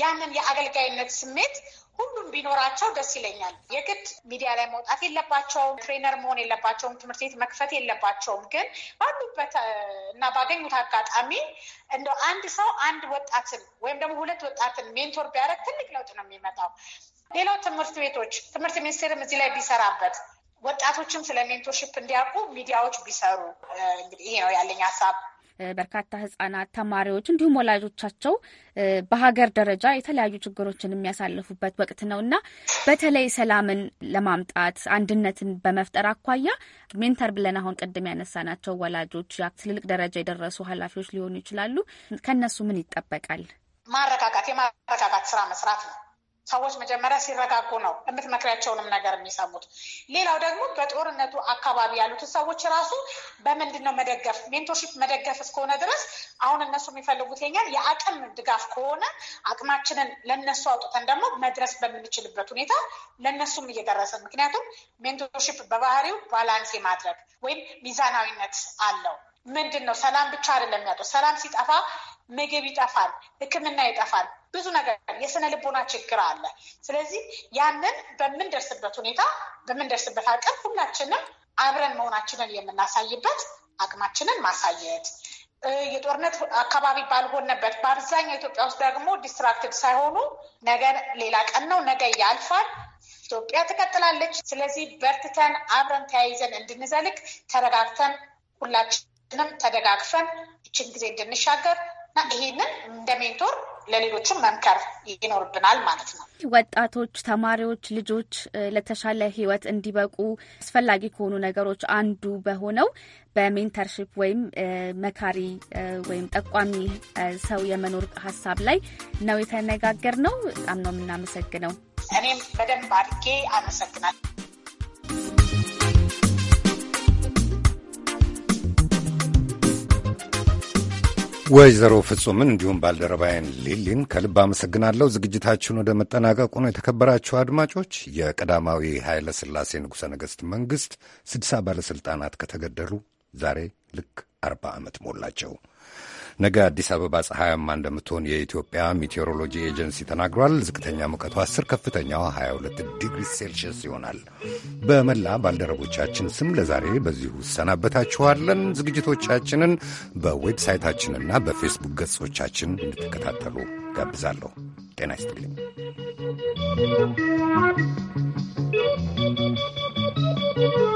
ያንን የአገልጋይነት ስሜት ሁሉም ቢኖራቸው ደስ ይለኛል። የግድ ሚዲያ ላይ መውጣት የለባቸውም፣ ትሬነር መሆን የለባቸውም፣ ትምህርት ቤት መክፈት የለባቸውም። ግን ባሉበት እና ባገኙት አጋጣሚ እንደ አንድ ሰው አንድ ወጣትን ወይም ደግሞ ሁለት ወጣትን ሜንቶር ቢያደርግ ትልቅ ለውጥ ነው የሚመጣው። ሌላው ትምህርት ቤቶች፣ ትምህርት ሚኒስቴርም እዚህ ላይ ቢሰራበት ወጣቶችም ስለ ሜንቶርሽፕ እንዲያውቁ ሚዲያዎች ቢሰሩ። እንግዲህ ይሄ ነው ያለኝ ሀሳብ። በርካታ ህጻናት፣ ተማሪዎች እንዲሁም ወላጆቻቸው በሀገር ደረጃ የተለያዩ ችግሮችን የሚያሳልፉበት ወቅት ነው እና በተለይ ሰላምን ለማምጣት አንድነትን በመፍጠር አኳያ ሜንተር ብለን አሁን ቅድም ያነሳናቸው ወላጆች፣ ትልልቅ ደረጃ የደረሱ ኃላፊዎች ሊሆኑ ይችላሉ። ከነሱ ምን ይጠበቃል? ማረጋጋት የማረጋጋት ስራ መስራት ነው። ሰዎች መጀመሪያ ሲረጋጉ ነው የምትመክሪያቸውንም ነገር የሚሰሙት። ሌላው ደግሞ በጦርነቱ አካባቢ ያሉትን ሰዎች ራሱ በምንድን ነው መደገፍ፣ ሜንቶርሺፕ መደገፍ እስከሆነ ድረስ አሁን እነሱ የሚፈልጉት የኛን የአቅም ድጋፍ ከሆነ አቅማችንን ለነሱ አውጥተን ደግሞ መድረስ በምንችልበት ሁኔታ ለነሱም እየደረሰ ምክንያቱም ሜንቶርሺፕ በባህሪው ባላንስ የማድረግ ወይም ሚዛናዊነት አለው። ምንድን ነው ሰላም ብቻ አይደለም የሚያጠው። ሰላም ሲጠፋ ምግብ ይጠፋል፣ ህክምና ይጠፋል፣ ብዙ ነገር የስነ ልቦና ችግር አለ። ስለዚህ ያንን በምንደርስበት ሁኔታ በምንደርስበት አቅም ሁላችንም አብረን መሆናችንን የምናሳይበት አቅማችንን ማሳየት የጦርነት አካባቢ ባልሆነበት በአብዛኛው ኢትዮጵያ ውስጥ ደግሞ ዲስትራክትድ ሳይሆኑ ነገ ሌላ ቀን ነው፣ ነገ ያልፋል፣ ኢትዮጵያ ትቀጥላለች። ስለዚህ በርትተን አብረን ተያይዘን እንድንዘልቅ ተረጋግተን ሁላችን ምንም ተደጋግፈን ይችን ጊዜ እንድንሻገር እና ይሄንን እንደ ሜንቶር ለሌሎችም መምከር ይኖርብናል ማለት ነው። ወጣቶች፣ ተማሪዎች፣ ልጆች ለተሻለ ህይወት እንዲበቁ አስፈላጊ ከሆኑ ነገሮች አንዱ በሆነው በሜንተርሽፕ ወይም መካሪ ወይም ጠቋሚ ሰው የመኖር ሀሳብ ላይ ነው የተነጋገር ነው። በጣም ነው የምናመሰግነው። እኔም በደንብ አድርጌ አመሰግናለሁ። ወይዘሮ ፍጹምን እንዲሁም ባልደረባይን ሊሊን ከልብ አመሰግናለሁ። ዝግጅታችን ወደ መጠናቀቁ ነው። የተከበራችሁ አድማጮች፣ የቀዳማዊ ኃይለ ሥላሴ ንጉሠ ነገሥት መንግሥት ስድሳ ባለሥልጣናት ከተገደሉ ዛሬ ልክ አርባ ዓመት ሞላቸው። ነገ አዲስ አበባ ፀሐያማ እንደምትሆን የኢትዮጵያ ሜቴሮሎጂ ኤጀንሲ ተናግሯል። ዝቅተኛ ሙቀቱ 10፣ ከፍተኛው 22 ዲግሪ ሴልሽየስ ይሆናል። በመላ ባልደረቦቻችን ስም ለዛሬ በዚሁ ሰናበታችኋለን። ዝግጅቶቻችንን በዌብሳይታችንና በፌስቡክ ገጾቻችን እንድትከታተሉ ጋብዛለሁ። ጤና ይስጥልኝ። Thank you.